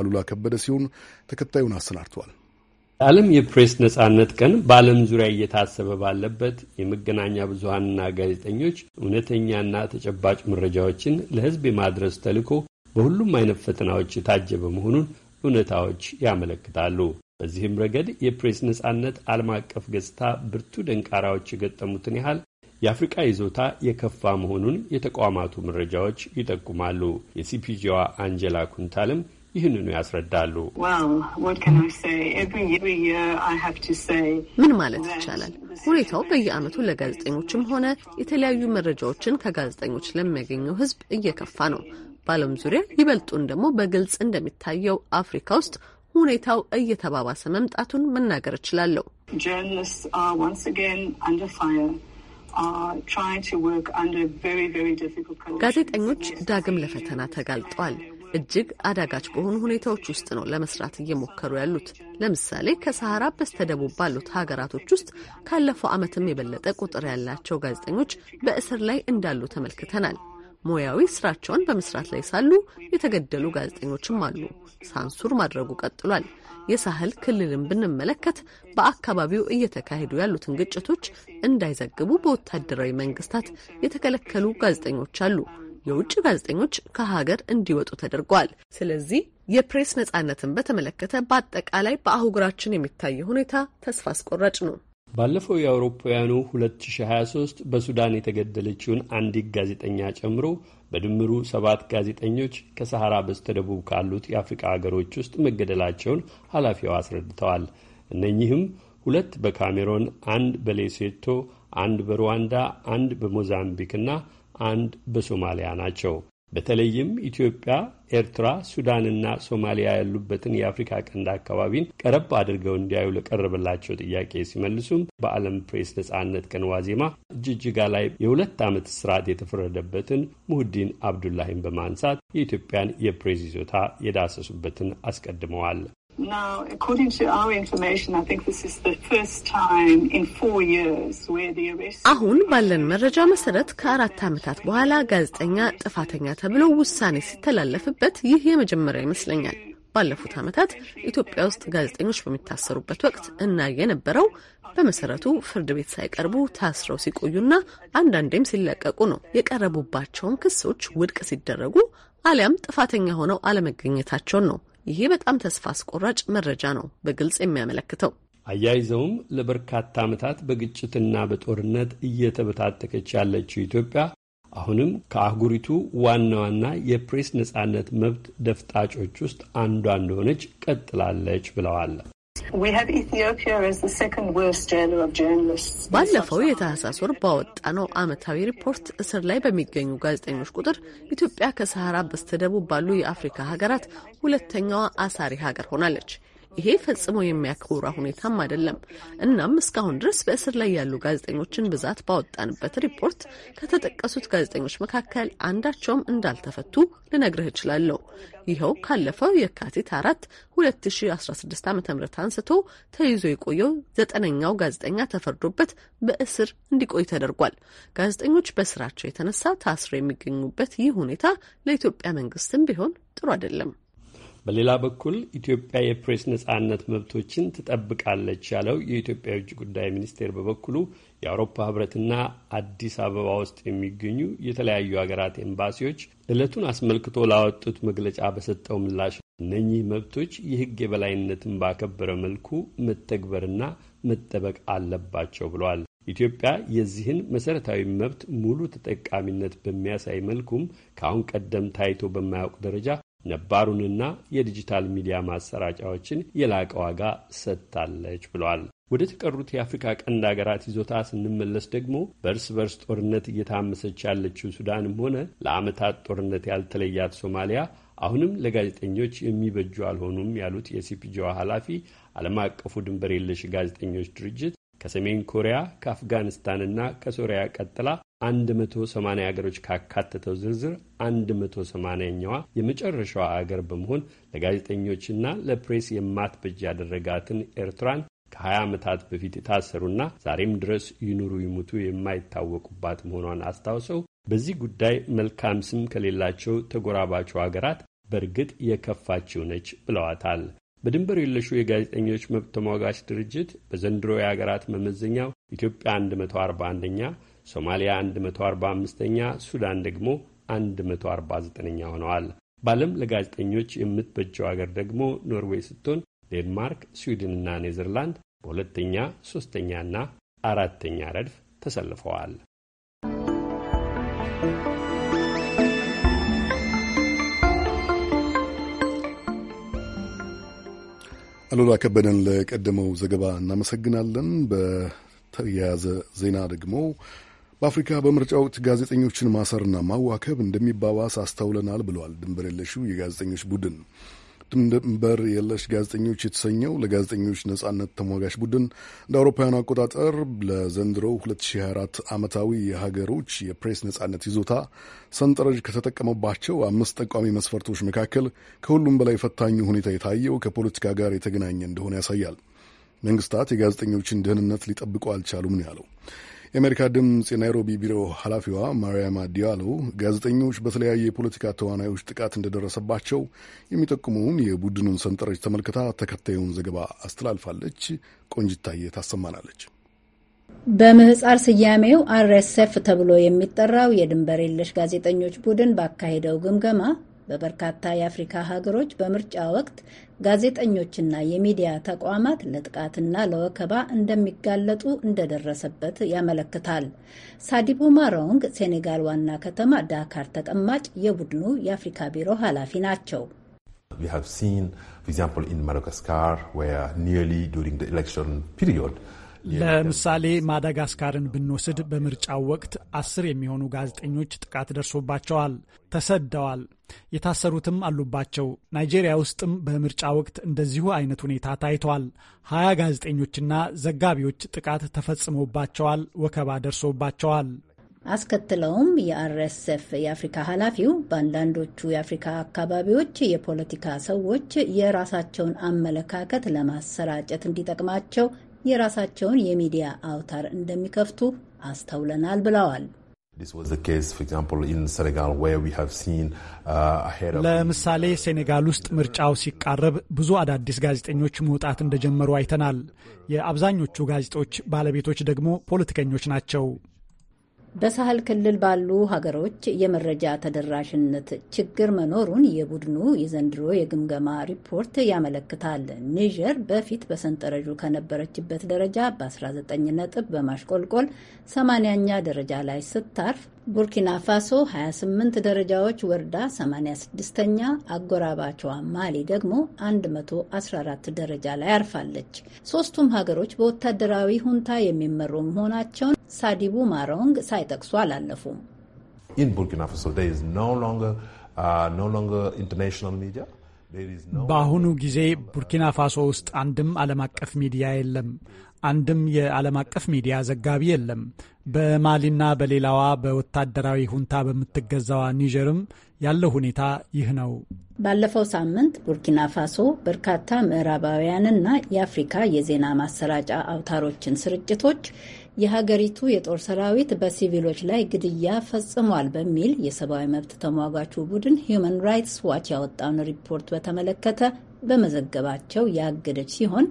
S1: አሉላ ከበደ ሲሆን ተከታዩን አሰናድቷል።
S8: የዓለም የፕሬስ ነጻነት ቀን በዓለም ዙሪያ እየታሰበ ባለበት የመገናኛ ብዙሀንና ጋዜጠኞች እውነተኛና ተጨባጭ መረጃዎችን ለሕዝብ የማድረስ ተልዕኮ በሁሉም አይነት ፈተናዎች የታጀበ መሆኑን እውነታዎች ያመለክታሉ። በዚህም ረገድ የፕሬስ ነጻነት ዓለም አቀፍ ገጽታ ብርቱ ደንቃራዎች የገጠሙትን ያህል የአፍሪቃ ይዞታ የከፋ መሆኑን የተቋማቱ መረጃዎች ይጠቁማሉ። የሲፒጂዋ አንጀላ ኩንታልም ይህንኑ ያስረዳሉ።
S9: ምን ማለት ይቻላል? ሁኔታው በየዓመቱ ለጋዜጠኞችም ሆነ የተለያዩ መረጃዎችን ከጋዜጠኞች ለሚያገኘው ሕዝብ እየከፋ ነው። በዓለም ዙሪያ ይበልጡን ደግሞ በግልጽ እንደሚታየው አፍሪካ ውስጥ ሁኔታው እየተባባሰ መምጣቱን መናገር እችላለሁ። ጋዜጠኞች ዳግም ለፈተና ተጋልጠዋል። እጅግ አዳጋች በሆኑ ሁኔታዎች ውስጥ ነው ለመስራት እየሞከሩ ያሉት። ለምሳሌ ከሰሃራ በስተደቡብ ባሉት ሀገራቶች ውስጥ ካለፈው ዓመትም የበለጠ ቁጥር ያላቸው ጋዜጠኞች በእስር ላይ እንዳሉ ተመልክተናል። ሙያዊ ስራቸውን በመስራት ላይ ሳሉ የተገደሉ ጋዜጠኞችም አሉ። ሳንሱር ማድረጉ ቀጥሏል። የሳህል ክልልን ብንመለከት በአካባቢው እየተካሄዱ ያሉትን ግጭቶች እንዳይዘግቡ በወታደራዊ መንግስታት የተከለከሉ ጋዜጠኞች አሉ። የውጭ ጋዜጠኞች ከሀገር እንዲወጡ ተደርጓል። ስለዚህ የፕሬስ ነጻነትን በተመለከተ በአጠቃላይ በአህጉራችን የሚታየው ሁኔታ ተስፋ አስቆራጭ ነው።
S8: ባለፈው የአውሮፓውያኑ 2023 በሱዳን የተገደለችውን አንዲት ጋዜጠኛ ጨምሮ በድምሩ ሰባት ጋዜጠኞች ከሰሐራ በስተደቡብ ካሉት የአፍሪቃ አገሮች ውስጥ መገደላቸውን ኃላፊዋ አስረድተዋል። እነኚህም ሁለት በካሜሮን፣ አንድ በሌሴቶ፣ አንድ በሩዋንዳ፣ አንድ በሞዛምቢክና አንድ በሶማሊያ ናቸው። በተለይም ኢትዮጵያ፣ ኤርትራ፣ ሱዳንና ሶማሊያ ያሉበትን የአፍሪካ ቀንድ አካባቢን ቀረብ አድርገው እንዲያዩ ለቀረበላቸው ጥያቄ ሲመልሱም በዓለም ፕሬስ ነጻነት ቀን ዋዜማ ጅጅጋ ላይ የሁለት ዓመት እስራት የተፈረደበትን ሙሁዲን አብዱላሂን በማንሳት የኢትዮጵያን የፕሬስ ይዞታ የዳሰሱበትን አስቀድመዋል።
S9: አሁን ባለን መረጃ መሰረት ከአራት ዓመታት በኋላ ጋዜጠኛ ጥፋተኛ ተብሎ ውሳኔ ሲተላለፍበት ይህ የመጀመሪያ ይመስለኛል። ባለፉት ዓመታት ኢትዮጵያ ውስጥ ጋዜጠኞች በሚታሰሩበት ወቅት እና የነበረው በመሰረቱ ፍርድ ቤት ሳይቀርቡ ታስረው ሲቆዩና አንዳንዴም ሲለቀቁ ነው። የቀረቡባቸውን ክሶች ውድቅ ሲደረጉ አሊያም ጥፋተኛ ሆነው አለመገኘታቸውን ነው ይሄ በጣም ተስፋ አስቆራጭ መረጃ ነው በግልጽ የሚያመለክተው። አያይዘውም
S8: ለበርካታ ዓመታት በግጭትና በጦርነት እየተበታተከች ያለችው ኢትዮጵያ አሁንም ከአህጉሪቱ ዋና ዋና የፕሬስ ነጻነት መብት ደፍጣጮች ውስጥ አንዷ እንደሆነች ቀጥላለች ብለዋል።
S9: ባለፈው የታህሳስ ወር ባወጣነው ዓመታዊ ሪፖርት እስር ላይ በሚገኙ ጋዜጠኞች ቁጥር ኢትዮጵያ ከሰሐራ በስተደቡብ ባሉ የአፍሪካ ሀገራት ሁለተኛዋ አሳሪ ሀገር ሆናለች። ይሄ ፈጽሞ የሚያኮራ ሁኔታም አይደለም። እናም እስካሁን ድረስ በእስር ላይ ያሉ ጋዜጠኞችን ብዛት ባወጣንበት ሪፖርት ከተጠቀሱት ጋዜጠኞች መካከል አንዳቸውም እንዳልተፈቱ ልነግርህ እችላለሁ። ይኸው ካለፈው የካቲት አራት 2016 ዓ ም አንስቶ ተይዞ የቆየው ዘጠነኛው ጋዜጠኛ ተፈርዶበት በእስር እንዲቆይ ተደርጓል። ጋዜጠኞች በስራቸው የተነሳ ታስረው የሚገኙበት ይህ ሁኔታ ለኢትዮጵያ መንግስትም ቢሆን ጥሩ አይደለም።
S8: በሌላ በኩል ኢትዮጵያ የፕሬስ ነጻነት መብቶችን ትጠብቃለች ያለው የኢትዮጵያ የውጭ ጉዳይ ሚኒስቴር በበኩሉ የአውሮፓ ህብረትና አዲስ አበባ ውስጥ የሚገኙ የተለያዩ ሀገራት ኤምባሲዎች ዕለቱን አስመልክቶ ላወጡት መግለጫ በሰጠው ምላሽ እነኚህ መብቶች የህግ የበላይነትን ባከበረ መልኩ መተግበርና መጠበቅ አለባቸው ብሏል። ኢትዮጵያ የዚህን መሰረታዊ መብት ሙሉ ተጠቃሚነት በሚያሳይ መልኩም ከአሁን ቀደም ታይቶ በማያውቅ ደረጃ ነባሩንና የዲጂታል ሚዲያ ማሰራጫዎችን የላቀ ዋጋ ሰጥታለች ብሏል። ወደ ተቀሩት የአፍሪካ ቀንድ ሀገራት ይዞታ ስንመለስ ደግሞ በእርስ በርስ ጦርነት እየታመሰች ያለችው ሱዳንም ሆነ ለዓመታት ጦርነት ያልተለያት ሶማሊያ አሁንም ለጋዜጠኞች የሚበጁ አልሆኑም ያሉት የሲፒጂዋ ኃላፊ ዓለም አቀፉ ድንበር የለሽ ጋዜጠኞች ድርጅት ከሰሜን ኮሪያ ከአፍጋኒስታንና ከሶሪያ ቀጥላ 180 አገሮች ካካተተው ዝርዝር 180ኛዋ የመጨረሻዋ አገር በመሆን ለጋዜጠኞችና ለፕሬስ የማትበጅ ያደረጋትን ኤርትራን ከ20 ዓመታት በፊት የታሰሩና ዛሬም ድረስ ይኑሩ ይሙቱ የማይታወቁባት መሆኗን አስታውሰው በዚህ ጉዳይ መልካም ስም ከሌላቸው ተጎራባቸው አገራት በእርግጥ የከፋችው ነች ብለዋታል። በድንበር የለሹ የጋዜጠኞች መብት ተሟጋች ድርጅት በዘንድሮ የአገራት መመዘኛው ኢትዮጵያ 141ኛ ሶማሊያ 145ኛ፣ ሱዳን ደግሞ 149ኛ ሆነዋል። በዓለም ለጋዜጠኞች የምትበጀው አገር ደግሞ ኖርዌይ ስትሆን ዴንማርክ፣ ስዊድንና ኔዘርላንድ በሁለተኛ፣ ሶስተኛና አራተኛ ረድፍ ተሰልፈዋል።
S1: አሉላ ከበደን ለቀደመው ዘገባ እናመሰግናለን። በተያያዘ ዜና ደግሞ በአፍሪካ በምርጫ ወቅት ጋዜጠኞችን ማሰርና ማዋከብ እንደሚባባስ አስተውለናል ብለዋል ድንበር የለሹ የጋዜጠኞች ቡድን። ድንበር የለሽ ጋዜጠኞች የተሰኘው ለጋዜጠኞች ነጻነት ተሟጋች ቡድን እንደ አውሮፓውያኑ አቆጣጠር ለዘንድሮው 2024 ዓመታዊ የሀገሮች የፕሬስ ነጻነት ይዞታ ሰንጠረዥ ከተጠቀመባቸው አምስት ጠቋሚ መስፈርቶች መካከል ከሁሉም በላይ ፈታኙ ሁኔታ የታየው ከፖለቲካ ጋር የተገናኘ እንደሆነ ያሳያል። መንግስታት የጋዜጠኞችን ደህንነት ሊጠብቁ አልቻሉም ነው ያለው። የአሜሪካ ድምፅ የናይሮቢ ቢሮ ኃላፊዋ ማርያማ ዲያሎ ጋዜጠኞች በተለያዩ የፖለቲካ ተዋናዮች ጥቃት እንደደረሰባቸው የሚጠቁመውን የቡድኑን ሰንጠረዥ ተመልክታ ተከታዩን ዘገባ አስተላልፋለች። ቆንጅታዬ ታሰማናለች።
S10: በምህፃር ስያሜው አርኤስኤፍ ተብሎ የሚጠራው የድንበር የለሽ ጋዜጠኞች ቡድን ባካሄደው ግምገማ በበርካታ የአፍሪካ ሀገሮች በምርጫ ወቅት ጋዜጠኞችና የሚዲያ ተቋማት ለጥቃትና ለወከባ እንደሚጋለጡ እንደደረሰበት ያመለክታል። ሳዲቦ ማሮንግ ሴኔጋል ዋና ከተማ ዳካር ተቀማጭ የቡድኑ የአፍሪካ ቢሮ ኃላፊ ናቸው።
S11: ለምሳሌ ማዳጋስካርን ብንወስድ በምርጫው ወቅት አስር የሚሆኑ ጋዜጠኞች ጥቃት ደርሶባቸዋል፣ ተሰደዋል። የታሰሩትም አሉባቸው። ናይጄሪያ ውስጥም በምርጫ ወቅት እንደዚሁ አይነት ሁኔታ ታይቷል። ሀያ ጋዜጠኞችና ዘጋቢዎች ጥቃት ተፈጽሞባቸዋል፣ ወከባ ደርሶባቸዋል።
S10: አስከትለውም የአርኤስኤፍ የአፍሪካ ኃላፊው በአንዳንዶቹ የአፍሪካ አካባቢዎች የፖለቲካ ሰዎች የራሳቸውን አመለካከት ለማሰራጨት እንዲጠቅማቸው የራሳቸውን የሚዲያ አውታር እንደሚከፍቱ አስተውለናል ብለዋል።
S1: Uh, ለምሳሌ ሴኔጋል ውስጥ
S11: ምርጫው ሲቃረብ ብዙ አዳዲስ ጋዜጠኞች መውጣት እንደጀመሩ አይተናል። የአብዛኞቹ ጋዜጦች ባለቤቶች ደግሞ ፖለቲከኞች ናቸው።
S10: በሳህል ክልል ባሉ ሀገሮች የመረጃ ተደራሽነት ችግር መኖሩን የቡድኑ የዘንድሮ የግምገማ ሪፖርት ያመለክታል። ኒጀር በፊት በሰንጠረዡ ከነበረችበት ደረጃ በ19 ነጥብ በማሽቆልቆል 80ኛ ደረጃ ላይ ስታርፍ ቡርኪና ፋሶ 28 ደረጃዎች ወርዳ 86ኛ፣ አጎራባቿ ማሊ ደግሞ 114 ደረጃ ላይ አርፋለች። ሶስቱም ሀገሮች በወታደራዊ ሁንታ የሚመሩ መሆናቸውን ሳዲቡ ማሮንግ ሳይጠቅሱ አላለፉም።
S1: uh,
S11: በአሁኑ ጊዜ ቡርኪና ፋሶ ውስጥ አንድም ዓለም አቀፍ ሚዲያ የለም። አንድም የዓለም አቀፍ ሚዲያ ዘጋቢ የለም። በማሊና በሌላዋ በወታደራዊ ሁንታ በምትገዛዋ ኒጀርም ያለው ሁኔታ ይህ ነው።
S10: ባለፈው ሳምንት ቡርኪና ፋሶ በርካታ ምዕራባውያንና የአፍሪካ የዜና ማሰራጫ አውታሮችን ስርጭቶች የሀገሪቱ የጦር ሰራዊት በሲቪሎች ላይ ግድያ ፈጽሟል በሚል የሰብአዊ መብት ተሟጋቹ ቡድን ሂዩማን ራይትስ ዋች ያወጣውን ሪፖርት በተመለከተ በመዘገባቸው ያገደች ሲሆን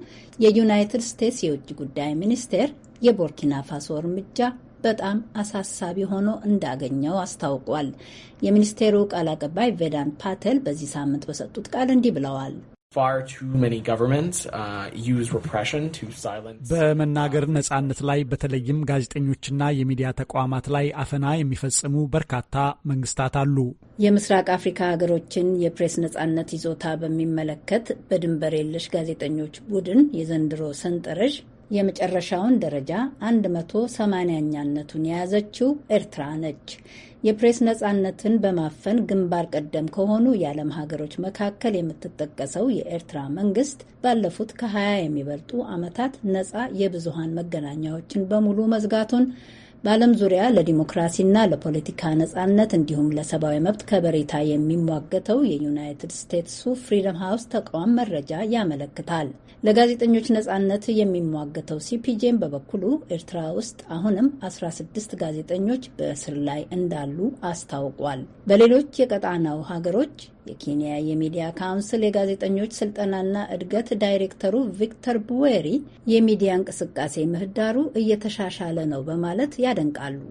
S10: የዩናይትድ ስቴትስ የውጭ ጉዳይ ሚኒስቴር የቡርኪና ፋሶ እርምጃ በጣም አሳሳቢ ሆኖ እንዳገኘው አስታውቋል። የሚኒስቴሩ ቃል አቀባይ ቬዳን ፓቴል በዚህ ሳምንት በሰጡት ቃል እንዲህ ብለዋል።
S12: Uh,
S11: በመናገር ነጻነት ላይ በተለይም ጋዜጠኞችና የሚዲያ ተቋማት ላይ አፈና የሚፈጽሙ በርካታ መንግስታት አሉ።
S10: የምስራቅ አፍሪካ ሀገሮችን የፕሬስ ነጻነት ይዞታ በሚመለከት በድንበር የለሽ ጋዜጠኞች ቡድን የዘንድሮ ሰንጠረዥ የመጨረሻውን ደረጃ 180ኛነቱን የያዘችው ኤርትራ ነች። የፕሬስ ነጻነትን በማፈን ግንባር ቀደም ከሆኑ የዓለም ሀገሮች መካከል የምትጠቀሰው የኤርትራ መንግስት ባለፉት ከ20 የሚበልጡ ዓመታት ነጻ የብዙሃን መገናኛዎችን በሙሉ መዝጋቱን በዓለም ዙሪያ ለዲሞክራሲና ለፖለቲካ ነጻነት እንዲሁም ለሰብአዊ መብት ከበሬታ የሚሟገተው የዩናይትድ ስቴትሱ ፍሪደም ሃውስ ተቋም መረጃ ያመለክታል። ለጋዜጠኞች ነጻነት የሚሟገተው ሲፒጄም በበኩሉ ኤርትራ ውስጥ አሁንም 16 ጋዜጠኞች በእስር ላይ እንዳሉ አስታውቋል። በሌሎች የቀጣናው ሀገሮች የኬንያ የሚዲያ ካውንስል የጋዜጠኞች ስልጠናና እድገት ዳይሬክተሩ ቪክተር ቡዌሪ የሚዲያ እንቅስቃሴ ምህዳሩ እየተሻሻለ ነው በማለት ያ ያደንቃሉ።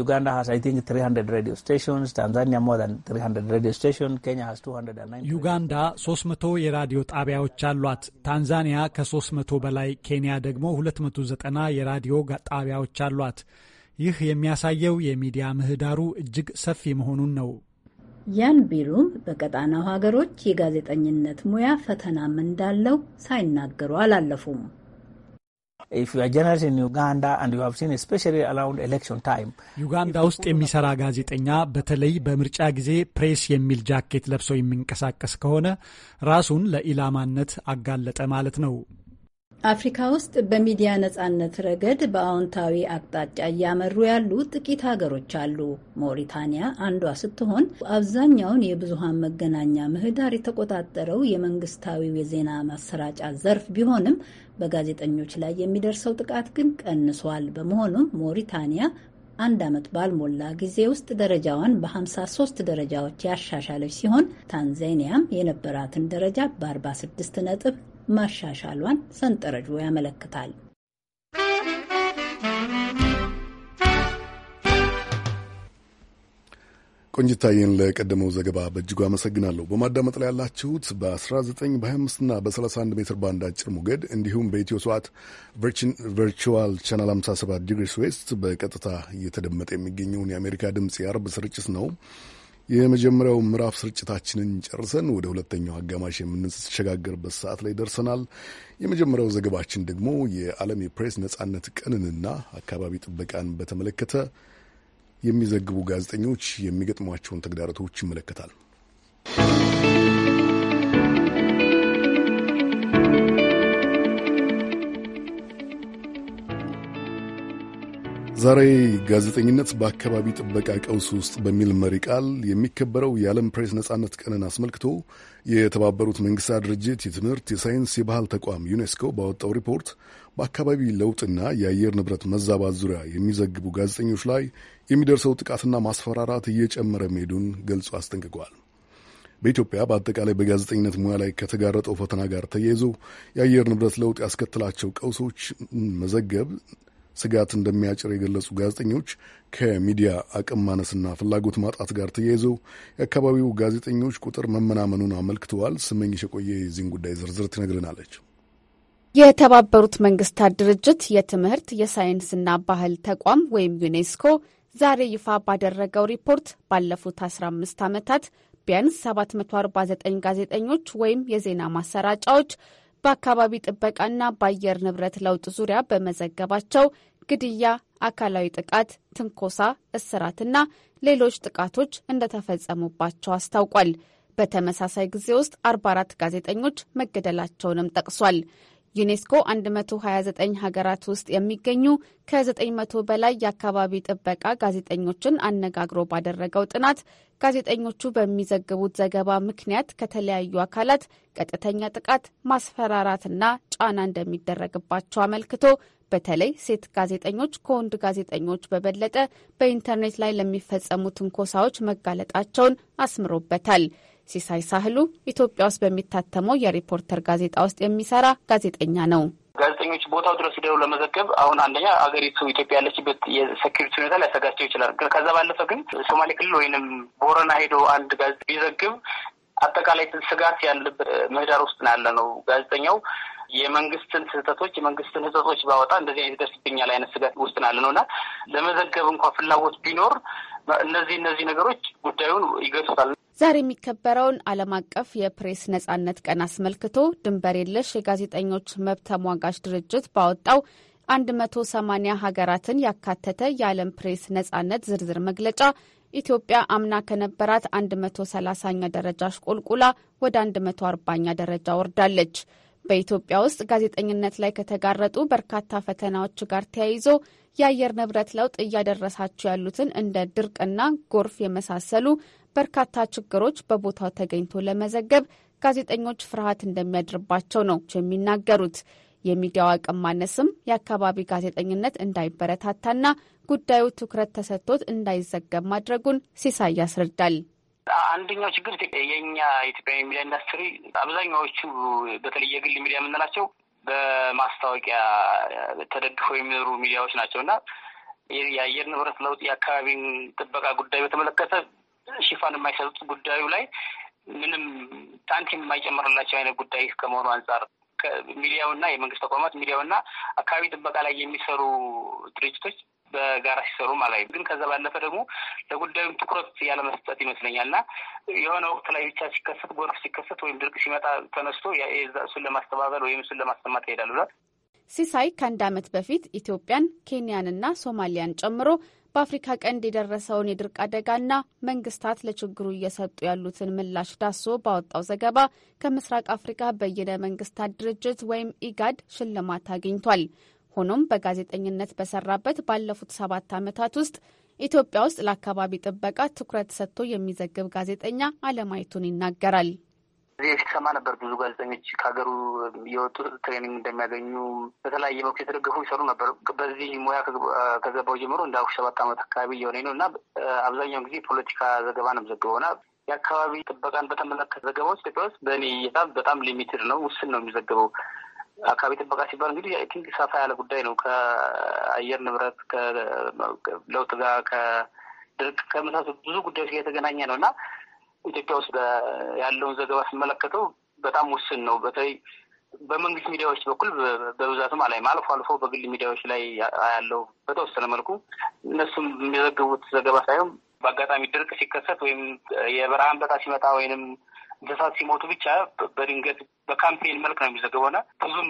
S11: ዩጋንዳ 300 የራዲዮ ጣቢያዎች አሏት። ታንዛኒያ ከ300 በላይ፣ ኬንያ ደግሞ 290 የራዲዮ ጣቢያዎች አሏት። ይህ የሚያሳየው የሚዲያ ምህዳሩ እጅግ ሰፊ መሆኑን ነው።
S10: ያን ቢሉም በቀጣናው ሀገሮች የጋዜጠኝነት ሙያ ፈተናም እንዳለው ሳይናገሩ አላለፉም።
S11: ዩጋንዳ ውስጥ የሚሰራ ጋዜጠኛ በተለይ በምርጫ ጊዜ ፕሬስ የሚል ጃኬት ለብሶ የሚንቀሳቀስ ከሆነ ራሱን ለኢላማነት አጋለጠ ማለት ነው።
S10: አፍሪካ ውስጥ በሚዲያ ነጻነት ረገድ በአዎንታዊ አቅጣጫ እያመሩ ያሉ ጥቂት ሀገሮች አሉ። ሞሪታንያ አንዷ ስትሆን አብዛኛውን የብዙሀን መገናኛ ምህዳር የተቆጣጠረው የመንግስታዊው የዜና ማሰራጫ ዘርፍ ቢሆንም በጋዜጠኞች ላይ የሚደርሰው ጥቃት ግን ቀንሷል። በመሆኑም ሞሪታንያ አንድ ዓመት ባልሞላ ጊዜ ውስጥ ደረጃዋን በ53 ደረጃዎች ያሻሻለች ሲሆን ታንዛኒያም የነበራትን ደረጃ በ46 ነጥብ ማሻሻሏን ሰንጠረዡ ያመለክታል።
S1: ቆንጅታዬን ለቀደመው ዘገባ በእጅጉ አመሰግናለሁ። በማዳመጥ ላይ ያላችሁት በ19 25 እና በ31 ሜትር ባንድ አጭር ሞገድ እንዲሁም በኢትዮ ሰዓት ቨርቹዋል ቻናል 57 ዲግሪስ ዌስት በቀጥታ እየተደመጠ የሚገኘውን የአሜሪካ ድምፅ የአርብ ስርጭት ነው። የመጀመሪያው ምዕራፍ ስርጭታችንን ጨርሰን ወደ ሁለተኛው አጋማሽ የምንሸጋገርበት ሰዓት ላይ ደርሰናል። የመጀመሪያው ዘገባችን ደግሞ የዓለም የፕሬስ ነጻነት ቀንንና አካባቢ ጥበቃን በተመለከተ የሚዘግቡ ጋዜጠኞች የሚገጥሟቸውን ተግዳሮቶች ይመለከታል። ዛሬ ጋዜጠኝነት በአካባቢ ጥበቃ ቀውስ ውስጥ በሚል መሪ ቃል የሚከበረው የዓለም ፕሬስ ነጻነት ቀንን አስመልክቶ የተባበሩት መንግስታት ድርጅት የትምህርት፣ የሳይንስ፣ የባህል ተቋም ዩኔስኮ ባወጣው ሪፖርት በአካባቢ ለውጥና የአየር ንብረት መዛባት ዙሪያ የሚዘግቡ ጋዜጠኞች ላይ የሚደርሰው ጥቃትና ማስፈራራት እየጨመረ መሄዱን ገልጾ አስጠንቅቋል። በኢትዮጵያ በአጠቃላይ በጋዜጠኝነት ሙያ ላይ ከተጋረጠው ፈተና ጋር ተያይዞ የአየር ንብረት ለውጥ ያስከትላቸው ቀውሶች መዘገብ ስጋት እንደሚያጭር የገለጹ ጋዜጠኞች ከሚዲያ አቅም ማነስና ፍላጎት ማጣት ጋር ተያይዘው የአካባቢው ጋዜጠኞች ቁጥር መመናመኑን አመልክተዋል። ስመኝሽ የቆየ የዚህን ጉዳይ ዝርዝር ትነግረናለች።
S13: የተባበሩት መንግስታት ድርጅት የትምህርት የሳይንስና ባህል ተቋም ወይም ዩኔስኮ ዛሬ ይፋ ባደረገው ሪፖርት ባለፉት 15 ዓመታት ቢያንስ 749 ጋዜጠኞች ወይም የዜና ማሰራጫዎች በአካባቢ ጥበቃና በአየር ንብረት ለውጥ ዙሪያ በመዘገባቸው ግድያ፣ አካላዊ ጥቃት፣ ትንኮሳ፣ እስራትና ሌሎች ጥቃቶች እንደተፈጸሙባቸው አስታውቋል። በተመሳሳይ ጊዜ ውስጥ 44 ጋዜጠኞች መገደላቸውንም ጠቅሷል። ዩኔስኮ 129 ሀገራት ውስጥ የሚገኙ ከ900 በላይ የአካባቢ ጥበቃ ጋዜጠኞችን አነጋግሮ ባደረገው ጥናት ጋዜጠኞቹ በሚዘግቡት ዘገባ ምክንያት ከተለያዩ አካላት ቀጥተኛ ጥቃት፣ ማስፈራራትና ጫና እንደሚደረግባቸው አመልክቶ በተለይ ሴት ጋዜጠኞች ከወንድ ጋዜጠኞች በበለጠ በኢንተርኔት ላይ ለሚፈጸሙ ትንኮሳዎች መጋለጣቸውን አስምሮበታል። ሲሳይ ሳህሉ ኢትዮጵያ ውስጥ በሚታተመው የሪፖርተር ጋዜጣ ውስጥ የሚሰራ ጋዜጠኛ ነው።
S14: ጋዜጠኞች ቦታው ድረስ ሄደው ለመዘገብ አሁን አንደኛ አገሪቱ ኢትዮጵያ ያለችበት የሴኪሪቲ ሁኔታ ሊያሰጋቸው ይችላል። ከዛ ባለፈ ግን ሶማሌ ክልል ወይንም ቦረና ሄዶ አንድ ጋዜጣ ቢዘግብ አጠቃላይ ስጋት ያለበት ምህዳር ውስጥ ነው ያለ ነው ጋዜጠኛው የመንግስትን ስህተቶች የመንግስትን ህጸጾች ባወጣ እንደዚህ አይነት ደርስብኛል አይነት ስጋት ውስጥ ያለ ነው እና ለመዘገብ እንኳ ፍላጎት ቢኖር እነዚህ እነዚህ ነገሮች ጉዳዩን
S13: ይገቱታል። ዛሬ የሚከበረውን ዓለም አቀፍ የፕሬስ ነጻነት ቀን አስመልክቶ ድንበር የለሽ የጋዜጠኞች መብት ተሟጋች ድርጅት ባወጣው 180 ሀገራትን ያካተተ የዓለም ፕሬስ ነጻነት ዝርዝር መግለጫ ኢትዮጵያ አምና ከነበራት 130ኛ ደረጃ አሽቆልቁላ ወደ 140ኛ ደረጃ ወርዳለች። በኢትዮጵያ ውስጥ ጋዜጠኝነት ላይ ከተጋረጡ በርካታ ፈተናዎች ጋር ተያይዞ የአየር ንብረት ለውጥ እያደረሳቸው ያሉትን እንደ ድርቅና ጎርፍ የመሳሰሉ በርካታ ችግሮች በቦታው ተገኝቶ ለመዘገብ ጋዜጠኞች ፍርሃት እንደሚያድርባቸው ነው የሚናገሩት። የሚዲያው አቅም ማነስም የአካባቢ ጋዜጠኝነት እንዳይበረታታና ጉዳዩ ትኩረት ተሰጥቶት እንዳይዘገብ ማድረጉን ሲሳይ ያስረዳል።
S14: አንደኛው ችግር የኛ ኢትዮጵያ ሚዲያ ኢንዱስትሪ አብዛኛዎቹ በተለይ የግል ሚዲያ የምንላቸው በማስታወቂያ ተደግፈው የሚኖሩ ሚዲያዎች ናቸው እና የአየር ንብረት ለውጥ የአካባቢን ጥበቃ ጉዳይ በተመለከተ ሽፋን የማይሰጡት ጉዳዩ ላይ ምንም ሳንቲም የማይጨምርላቸው አይነት ጉዳይ ከመሆኑ አንጻር ሚዲያውና የመንግስት ተቋማት ሚዲያውና አካባቢ ጥበቃ ላይ የሚሰሩ ድርጅቶች በጋራ ሲሰሩ ማለት ግን ከዛ ባለፈ ደግሞ ለጉዳዩም ትኩረት ያለመስጠት ይመስለኛል ና የሆነ ወቅት ላይ ብቻ ሲከሰት ጎርፍ ሲከሰት ወይም ድርቅ ሲመጣ ተነስቶ እሱን ለማስተባበል ወይም እሱን ለማስተማት ይሄዳል ብሏል።
S13: ሲሳይ ከአንድ አመት በፊት ኢትዮጵያን ኬንያንና ሶማሊያን ጨምሮ በአፍሪካ ቀንድ የደረሰውን የድርቅ አደጋና መንግስታት ለችግሩ እየሰጡ ያሉትን ምላሽ ዳሶ ባወጣው ዘገባ ከምስራቅ አፍሪካ በይነ መንግስታት ድርጅት ወይም ኢጋድ ሽልማት አግኝቷል። ሆኖም በጋዜጠኝነት በሰራበት ባለፉት ሰባት ዓመታት ውስጥ ኢትዮጵያ ውስጥ ለአካባቢ ጥበቃ ትኩረት ሰጥቶ የሚዘግብ ጋዜጠኛ አለማየቱን ይናገራል።
S14: እዚህ ሰማ ነበር። ብዙ ጋዜጠኞች ከሀገሩ የወጡ ትሬኒንግ እንደሚያገኙ በተለያየ መልኩ የተደገፉ ይሰሩ ነበር። በዚህ ሙያ ከገባው ጀምሮ እንደ አሁን ሰባት ዓመት አካባቢ እየሆነኝ ነው እና አብዛኛውን ጊዜ ፖለቲካ ዘገባ ነው የምዘግበውና የአካባቢ ጥበቃን በተመለከተ ዘገባዎች ኢትዮጵያ ውስጥ በእኔ እይታ በጣም ሊሚትድ ነው፣ ውስን ነው የሚዘገበው። አካባቢ ጥበቃ ሲባል እንግዲህ አይ ቲንክ ሰፋ ያለ ጉዳይ ነው ከአየር ንብረት ከለውጥ ጋር ከድርቅ ከመሳሰሉ ብዙ ጉዳዮች ጋር የተገናኘ ነው እና ኢትዮጵያ ውስጥ ያለውን ዘገባ ስመለከተው በጣም ውስን ነው። በተለይ በመንግስት ሚዲያዎች በኩል በብዛትም አላይም። አልፎ አልፎ በግል ሚዲያዎች ላይ ያለው በተወሰነ መልኩ እነሱም የሚዘግቡት ዘገባ ሳይሆን በአጋጣሚ ድርቅ ሲከሰት ወይም የበረሃ አንበጣ ሲመጣ ወይንም እንስሳት ሲሞቱ ብቻ በድንገት በካምፔን መልክ ነው የሚዘገበው እና ብዙም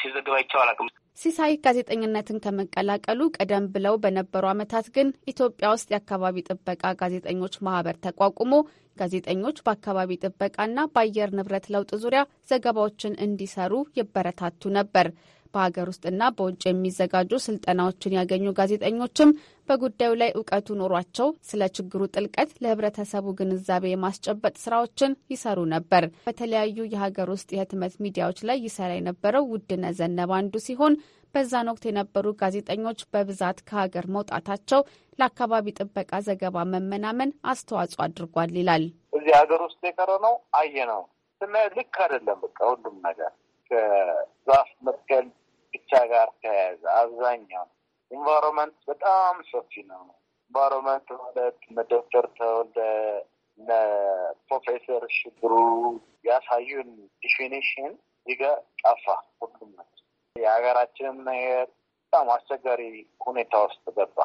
S14: ሲዘገባ ይቻዋል አላውቅም።
S13: ሲሳይ ጋዜጠኝነትን ከመቀላቀሉ ቀደም ብለው በነበሩ ዓመታት ግን ኢትዮጵያ ውስጥ የአካባቢ ጥበቃ ጋዜጠኞች ማህበር ተቋቁሞ ጋዜጠኞች በአካባቢ ጥበቃና በአየር ንብረት ለውጥ ዙሪያ ዘገባዎችን እንዲሰሩ ይበረታቱ ነበር። በሀገር ውስጥና በውጭ የሚዘጋጁ ስልጠናዎችን ያገኙ ጋዜጠኞችም በጉዳዩ ላይ እውቀቱ ኖሯቸው ስለ ችግሩ ጥልቀት ለህብረተሰቡ ግንዛቤ የማስጨበጥ ስራዎችን ይሰሩ ነበር። በተለያዩ የሀገር ውስጥ የህትመት ሚዲያዎች ላይ ይሰራ የነበረው ውድነ ዘነበ አንዱ ሲሆን በዛን ወቅት የነበሩ ጋዜጠኞች በብዛት ከሀገር መውጣታቸው ለአካባቢ ጥበቃ ዘገባ መመናመን አስተዋጽኦ አድርጓል ይላል።
S7: እዚህ ሀገር ውስጥ የቀረ ነው አየ ነው ስና ልክ አይደለም። በቃ ሁሉም ነገር ከዛፍ መትከል ብቻ ጋር ተያያዘ። አብዛኛው ኢንቫይሮመንት በጣም ሰፊ ነው። ኢንቫይሮመንት ማለት እነ ዶክተር ተወልደ እነ ፕሮፌሰር ሽብሩ ያሳዩን ዲፊኒሽን ይገ ጠፋ ሁሉም ነገር የሀገራችንም ነገር በጣም አስቸጋሪ ሁኔታ ውስጥ ገባ።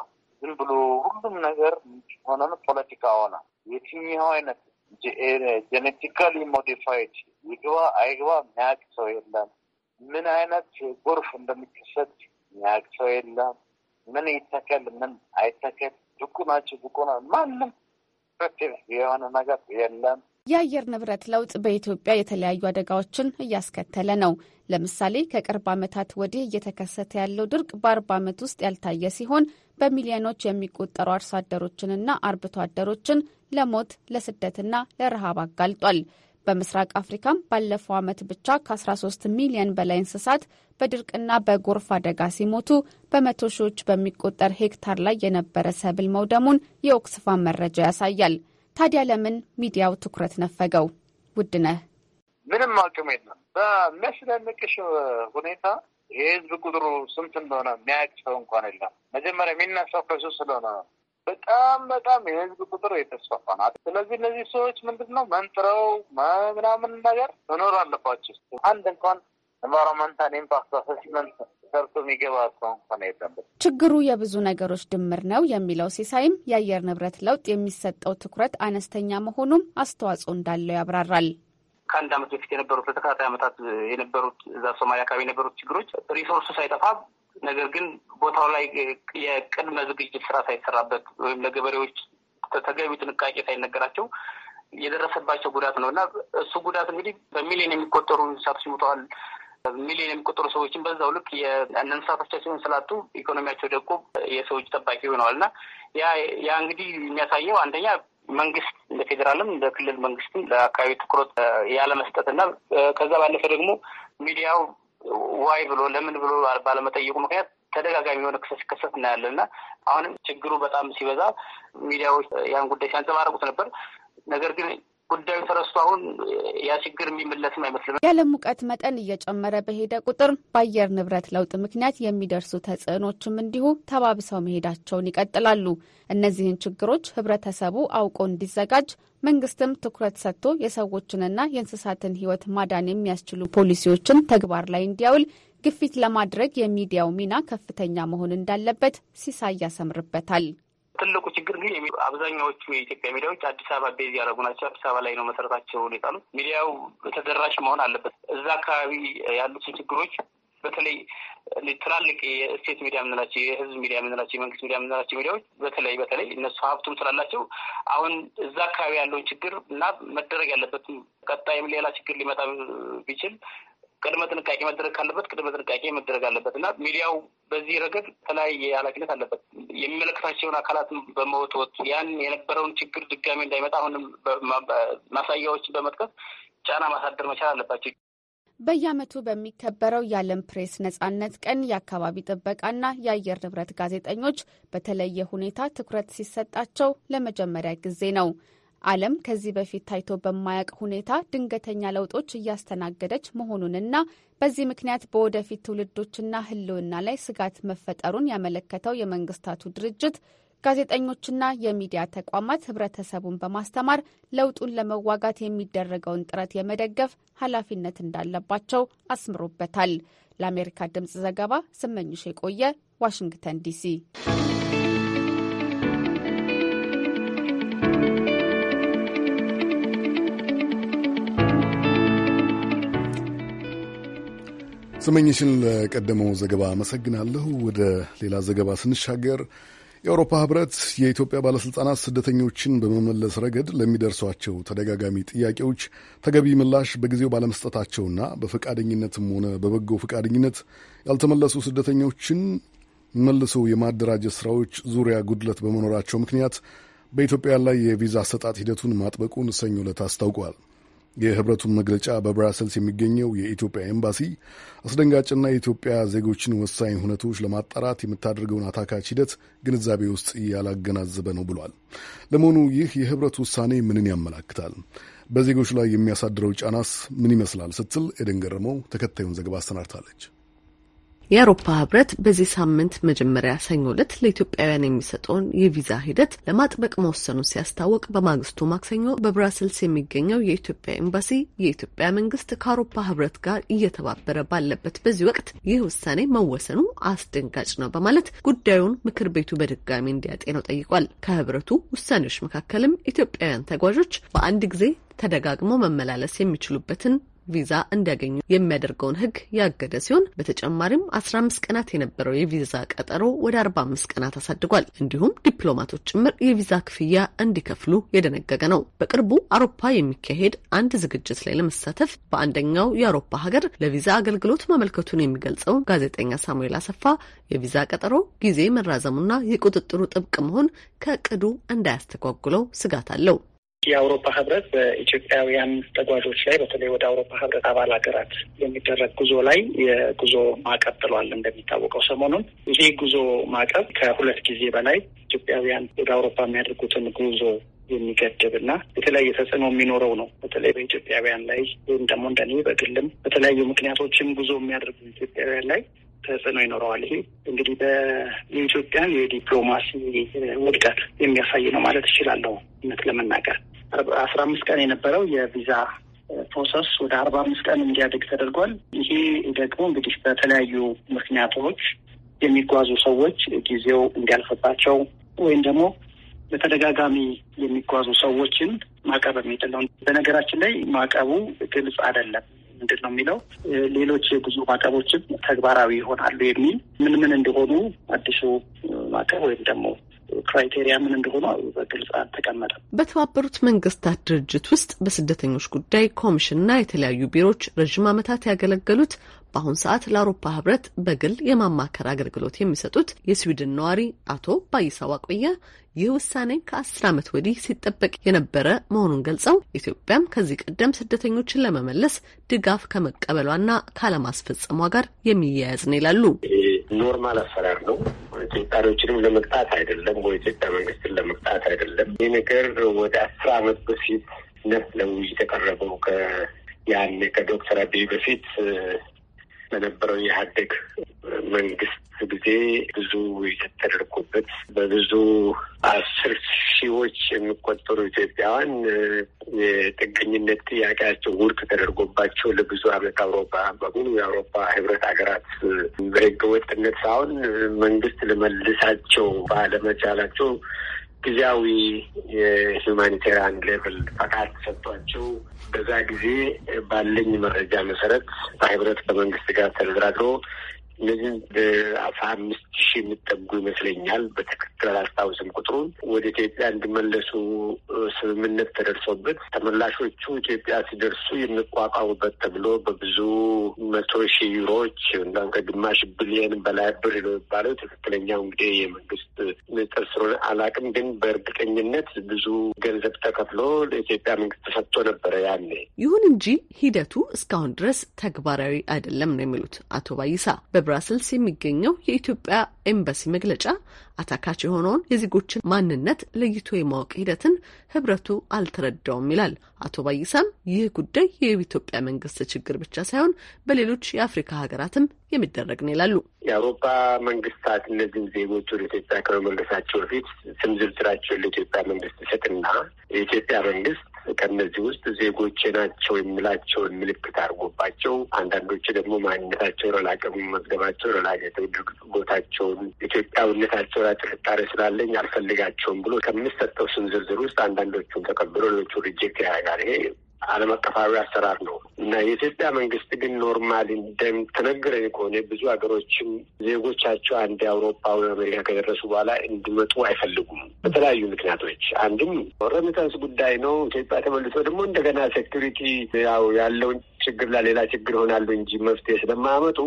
S7: ዝም ብሎ ሁሉም ነገር ሆነም ፖለቲካ ሆነ። የትኛው አይነት ጄኔቲካሊ ሞዲፋይድ ይግባ አይግባ ሚያውቅ ሰው የለም። ምን አይነት ጎርፍ እንደሚከሰት ሚያውቅ ሰው የለም። ምን ይተከል ምን አይተከል ብቁ ናቸው ብቁ ና ማንም ፌክቲቭ የሆነ ነገር የለም።
S13: የአየር ንብረት ለውጥ በኢትዮጵያ የተለያዩ አደጋዎችን እያስከተለ ነው። ለምሳሌ ከቅርብ ዓመታት ወዲህ እየተከሰተ ያለው ድርቅ በአርባ ዓመት ውስጥ ያልታየ ሲሆን በሚሊዮኖች የሚቆጠሩ አርሶ አደሮችንና አርብቶ አደሮችን ለሞት ለስደትና ለረሃብ አጋልጧል። በምስራቅ አፍሪካም ባለፈው ዓመት ብቻ ከ13 ሚሊዮን በላይ እንስሳት በድርቅና በጎርፍ አደጋ ሲሞቱ በመቶ ሺዎች በሚቆጠር ሄክታር ላይ የነበረ ሰብል መውደሙን የኦክስፋም መረጃ ያሳያል። ታዲያ ለምን ሚዲያው ትኩረት ነፈገው? ውድነህ
S7: ምንም አቅም የለም። በሚያስደንቅሽ ሁኔታ የህዝብ ቁጥሩ ስንት እንደሆነ የሚያውቅ ሰው እንኳን የለም። መጀመሪያ የሚነሳው ከሱ ስለሆነ በጣም በጣም የህዝብ ቁጥር የተስፋፋ ናት። ስለዚህ እነዚህ ሰዎች ምንድን ነው መንጥረው ምናምን ነገር መኖር አለባቸው። አንድ እንኳን ኤንቫይሮንመንታል ኢምፓክት አሰስመንት ሰርቶ የሚገባ ሰው እንኳን
S13: ችግሩ የብዙ ነገሮች ድምር ነው የሚለው ሲሳይም የአየር ንብረት ለውጥ የሚሰጠው ትኩረት አነስተኛ መሆኑም አስተዋጽኦ እንዳለው ያብራራል።
S14: ከአንድ አመት በፊት የነበሩት ለተከታታይ አመታት የነበሩት እዛ ሶማሊያ አካባቢ የነበሩት ችግሮች ሪሶርሱ ሳይጠፋ ነገር ግን ቦታው ላይ የቅድመ ዝግጅት ስራ ሳይሰራበት ወይም ለገበሬዎች ተገቢ ጥንቃቄ ሳይነገራቸው የደረሰባቸው ጉዳት ነው እና እሱ ጉዳት እንግዲህ በሚሊዮን የሚቆጠሩ እንስሳቶች ሞተዋል። ሚሊዮን የሚቆጠሩ ሰዎችን በዛው ልክ እንስሳቶቻቸውን ስላጡ ኢኮኖሚያቸው ደቆ የሰው እጅ ጠባቂ ሆነዋል እና ያ ያ እንግዲህ የሚያሳየው አንደኛ መንግስት እንደ ፌዴራልም እንደ ክልል መንግስትም ለአካባቢ ትኩረት ያለመስጠት እና ከዛ ባለፈ ደግሞ ሚዲያው ዋይ ብሎ ለምን ብሎ ባለመጠየቁ ምክንያት ተደጋጋሚ የሆነ ክሰት ሲከሰት እናያለን እና አሁንም ችግሩ በጣም ሲበዛ ሚዲያዎች ያን ጉዳይ ሲያንጸባረቁት ነበር። ነገር ግን ጉዳዩ ተረስቶ አሁን ያ ችግር የሚመለስም
S13: አይመስልም። የዓለም ሙቀት መጠን እየጨመረ በሄደ ቁጥር በአየር ንብረት ለውጥ ምክንያት የሚደርሱ ተጽዕኖችም እንዲሁ ተባብሰው መሄዳቸውን ይቀጥላሉ። እነዚህን ችግሮች ህብረተሰቡ አውቆ እንዲዘጋጅ መንግስትም ትኩረት ሰጥቶ የሰዎችንና የእንስሳትን ህይወት ማዳን የሚያስችሉ ፖሊሲዎችን ተግባር ላይ እንዲያውል ግፊት ለማድረግ የሚዲያው ሚና ከፍተኛ መሆን እንዳለበት ሲሳይ ያሰምርበታል።
S14: ትልቁ ችግር እንግዲህ አብዛኛዎቹ የኢትዮጵያ ሚዲያዎች አዲስ አበባ ቤዝ ያደረጉ ናቸው። አዲስ አበባ ላይ ነው መሰረታቸውን የጣሉት። ሚዲያው ተደራሽ መሆን አለበት። እዛ አካባቢ ያሉትን ችግሮች በተለይ ትላልቅ የስቴት ሚዲያ የምንላቸው የህዝብ ሚዲያ የምንላቸው የመንግስት ሚዲያ የምንላቸው ሚዲያዎች በተለይ በተለይ እነሱ ሀብቱም ስላላቸው አሁን እዛ አካባቢ ያለውን ችግር እና መደረግ ያለበትም ቀጣይም ሌላ ችግር ሊመጣ ቢችል ቅድመ ጥንቃቄ መደረግ ካለበት ቅድመ ጥንቃቄ መደረግ አለበት እና ሚዲያው በዚህ ረገድ የተለያየ ኃላፊነት አለበት። የሚመለከታቸውን አካላትን በመወትወት ያን የነበረውን ችግር ድጋሚ እንዳይመጣ አሁንም ማሳያዎችን በመጥቀስ ጫና ማሳደር መቻል
S7: አለባቸው።
S13: በየዓመቱ በሚከበረው የዓለም ፕሬስ ነጻነት ቀን የአካባቢ ጥበቃና የአየር ንብረት ጋዜጠኞች በተለየ ሁኔታ ትኩረት ሲሰጣቸው ለመጀመሪያ ጊዜ ነው። ዓለም ከዚህ በፊት ታይቶ በማያውቅ ሁኔታ ድንገተኛ ለውጦች እያስተናገደች መሆኑንና በዚህ ምክንያት በወደፊት ትውልዶችና ሕልውና ላይ ስጋት መፈጠሩን ያመለከተው የመንግስታቱ ድርጅት ጋዜጠኞችና የሚዲያ ተቋማት ህብረተሰቡን በማስተማር ለውጡን ለመዋጋት የሚደረገውን ጥረት የመደገፍ ኃላፊነት እንዳለባቸው አስምሮበታል። ለአሜሪካ ድምፅ ዘገባ ስመኝሽ የቆየ ዋሽንግተን ዲሲ።
S1: ስመኝሽን ለቀደመው ዘገባ አመሰግናለሁ። ወደ ሌላ ዘገባ ስንሻገር የአውሮፓ ህብረት የኢትዮጵያ ባለሥልጣናት ስደተኞችን በመመለስ ረገድ ለሚደርሷቸው ተደጋጋሚ ጥያቄዎች ተገቢ ምላሽ በጊዜው ባለመስጠታቸውና በፈቃደኝነትም ሆነ በበጎ ፈቃደኝነት ያልተመለሱ ስደተኞችን መልሶ የማደራጀት ሥራዎች ዙሪያ ጉድለት በመኖራቸው ምክንያት በኢትዮጵያ ላይ የቪዛ አሰጣጥ ሂደቱን ማጥበቁን ሰኞ ዕለት አስታውቋል። የህብረቱን መግለጫ በብራሰልስ የሚገኘው የኢትዮጵያ ኤምባሲ አስደንጋጭና የኢትዮጵያ ዜጎችን ወሳኝ ሁነቶች ለማጣራት የምታደርገውን አታካች ሂደት ግንዛቤ ውስጥ እያላገናዘበ ነው ብሏል። ለመሆኑ ይህ የህብረት ውሳኔ ምንን ያመላክታል? በዜጎች ላይ የሚያሳድረው ጫናስ ምን ይመስላል? ስትል ኤደን ገረመው ተከታዩን ዘገባ አሰናድታለች።
S9: የአውሮፓ ህብረት በዚህ ሳምንት መጀመሪያ ሰኞ ዕለት ለኢትዮጵያውያን የሚሰጠውን የቪዛ ሂደት ለማጥበቅ መወሰኑን ሲያስታወቅ በማግስቱ ማክሰኞ በብራስልስ የሚገኘው የኢትዮጵያ ኤምባሲ የኢትዮጵያ መንግስት ከአውሮፓ ህብረት ጋር እየተባበረ ባለበት በዚህ ወቅት ይህ ውሳኔ መወሰኑ አስደንጋጭ ነው በማለት ጉዳዩን ምክር ቤቱ በድጋሚ እንዲያጤነው ጠይቋል። ከህብረቱ ውሳኔዎች መካከልም ኢትዮጵያውያን ተጓዦች በአንድ ጊዜ ተደጋግሞ መመላለስ የሚችሉበትን ቪዛ እንዲያገኙ የሚያደርገውን ህግ ያገደ ሲሆን በተጨማሪም አስራ አምስት ቀናት የነበረው የቪዛ ቀጠሮ ወደ አርባ አምስት ቀናት አሳድጓል። እንዲሁም ዲፕሎማቶች ጭምር የቪዛ ክፍያ እንዲከፍሉ የደነገገ ነው። በቅርቡ አውሮፓ የሚካሄድ አንድ ዝግጅት ላይ ለመሳተፍ በአንደኛው የአውሮፓ ሀገር ለቪዛ አገልግሎት ማመልከቱን የሚገልጸው ጋዜጠኛ ሳሙኤል አሰፋ የቪዛ ቀጠሮ ጊዜ መራዘሙና የቁጥጥሩ ጥብቅ መሆን ከእቅዱ እንዳያስተጓጉለው ስጋት አለው።
S15: የአውሮፓ ህብረት በኢትዮጵያውያን ተጓዦች ላይ በተለይ ወደ አውሮፓ ህብረት አባል ሀገራት የሚደረግ ጉዞ ላይ የጉዞ ማዕቀብ ጥሏል። እንደሚታወቀው ሰሞኑን ይሄ ጉዞ ማዕቀብ ከሁለት ጊዜ በላይ ኢትዮጵያውያን ወደ አውሮፓ የሚያደርጉትን ጉዞ የሚገድብ እና የተለያየ ተጽዕኖ የሚኖረው ነው። በተለይ በኢትዮጵያውያን ላይ ወይም ደግሞ እንደኔ በግልም በተለያዩ ምክንያቶችም ጉዞ የሚያደርጉ ኢትዮጵያውያን ላይ ተጽዕኖ ይኖረዋል። ይህም እንግዲህ በኢትዮጵያን የዲፕሎማሲ ውድቀት የሚያሳይ ነው ማለት እችላለሁ። እውነት ለመናገር አስራ አምስት ቀን የነበረው የቪዛ ፕሮሰስ ወደ አርባ አምስት ቀን እንዲያድግ ተደርጓል። ይሄ ደግሞ እንግዲህ በተለያዩ ምክንያቶች የሚጓዙ ሰዎች ጊዜው እንዲያልፍባቸው ወይም ደግሞ በተደጋጋሚ የሚጓዙ ሰዎችን ማዕቀብ የሚጥል ነው። በነገራችን ላይ ማዕቀቡ ግልጽ አይደለም። ምንድን ነው የሚለው ሌሎች የጉዞ ማዕቀቦችም ተግባራዊ ይሆናሉ የሚል ምን ምን እንደሆኑ አዲሱ ማዕቀብ ወይም ደግሞ ክራይቴሪያ ምን እንደሆኑ በግልጽ አልተቀመጠም።
S9: በተባበሩት መንግስታት ድርጅት ውስጥ በስደተኞች ጉዳይ ኮሚሽንና የተለያዩ ቢሮዎች ረዥም ዓመታት ያገለገሉት በአሁን ሰዓት ለአውሮፓ ህብረት በግል የማማከር አገልግሎት የሚሰጡት የስዊድን ነዋሪ አቶ ባይሳው ዋቆያ ይህ ውሳኔ ከአስር ዓመት ወዲህ ሲጠበቅ የነበረ መሆኑን ገልጸው ኢትዮጵያም ከዚህ ቀደም ስደተኞችን ለመመለስ ድጋፍ ከመቀበሏና ካለማስፈጸሟ ጋር የሚያያዝ ነው ይላሉ።
S16: ኖርማል አሰራር ነው። ኢትዮጵያኖችንም ለመቅጣት አይደለም ወይ ኢትዮጵያ መንግስትን ለመቅጣት አይደለም። ይህ ነገር ወደ አስር ዓመት በፊት ነት ለውይይት የተቀረበው ከያን ከዶክተር አብይ በፊት በነበረው የኢህአዴግ መንግስት ጊዜ ብዙ ውይይት ተደርጎበት በብዙ አስር ሺዎች የሚቆጠሩ ኢትዮጵያውያን የጥገኝነት ጥያቄያቸው ውድቅ ተደርጎባቸው ለብዙ ዓመት አውሮፓ በሙሉ የአውሮፓ ህብረት ሀገራት በህገ ወጥነት ሳይሆን መንግስት ለመልሳቸው ባለመቻላቸው ጊዜያዊ የሁማኒቴሪያን ሌቭል ፈቃድ ሰጥቷቸው በዛ ጊዜ ባለኝ መረጃ መሰረት በህብረት ከመንግስት ጋር ተደራድሮ እነዚህ ወደ አስራ አምስት ሺህ የሚጠጉ ይመስለኛል። በትክክል አላስታውስም ቁጥሩን። ወደ ኢትዮጵያ እንዲመለሱ ስምምነት ተደርሶበት ተመላሾቹ ኢትዮጵያ ሲደርሱ የሚቋቋሙበት ተብሎ በብዙ መቶ ሺህ ዩሮዎች እናም ከግማሽ ቢሊየን በላይ ብር ነው የሚባለው። ትክክለኛው እንግዲህ የመንግስት ንጥር አላቅም፣ ግን በእርግጠኝነት ብዙ ገንዘብ ተከፍሎ ለኢትዮጵያ መንግስት ተሰጥቶ ነበረ ያኔ።
S9: ይሁን እንጂ ሂደቱ እስካሁን ድረስ ተግባራዊ አይደለም ነው የሚሉት አቶ ባይሳ በብራስልስ የሚገኘው የኢትዮጵያ ኤምባሲ መግለጫ አታካች የሆነውን የዜጎችን ማንነት ለይቶ የማወቅ ሂደትን ህብረቱ አልተረዳውም ይላል። አቶ ባይሳም ይህ ጉዳይ የኢትዮጵያ መንግስት ችግር ብቻ ሳይሆን በሌሎች የአፍሪካ ሀገራትም የሚደረግ ነው ይላሉ።
S16: የአውሮፓ መንግስታት እነዚህም ዜጎች ወደ ኢትዮጵያ ከመመለሳቸው በፊት ስም ዝርዝራቸውን ለኢትዮጵያ መንግስት ይሰጥና የኢትዮጵያ መንግስት ከእነዚህ ውስጥ ዜጎቼ ናቸው የምላቸውን ምልክት አድርጎባቸው፣ አንዳንዶቹ ደግሞ ማንነታቸው ለላቀ መዝገባቸው ለላቀ የትውልድ ቦታቸውን ኢትዮጵያዊነታቸው ላይ ጥርጣሬ ስላለኝ አልፈልጋቸውም ብሎ ከምሰጠው ስም ዝርዝር ውስጥ አንዳንዶቹን ተቀብሎ ሌሎቹ ሪጀክት ያደርጋል። ይሄ ዓለም አቀፋዊ አሰራር ነው እና የኢትዮጵያ መንግስት ግን ኖርማል እንደምትነግረኝ ከሆነ ብዙ ሀገሮችም ዜጎቻቸው አንድ የአውሮፓ ወይ አሜሪካ ከደረሱ በኋላ እንዲመጡ አይፈልጉም በተለያዩ ምክንያቶች። አንድም ረሚታንስ ጉዳይ ነው። ኢትዮጵያ ተመልሶ ደግሞ እንደገና ሴኩሪቲ ያው ያለውን ችግር ላይ ችግር ይሆናሉ እንጂ መፍትሄ ስለማያመጡ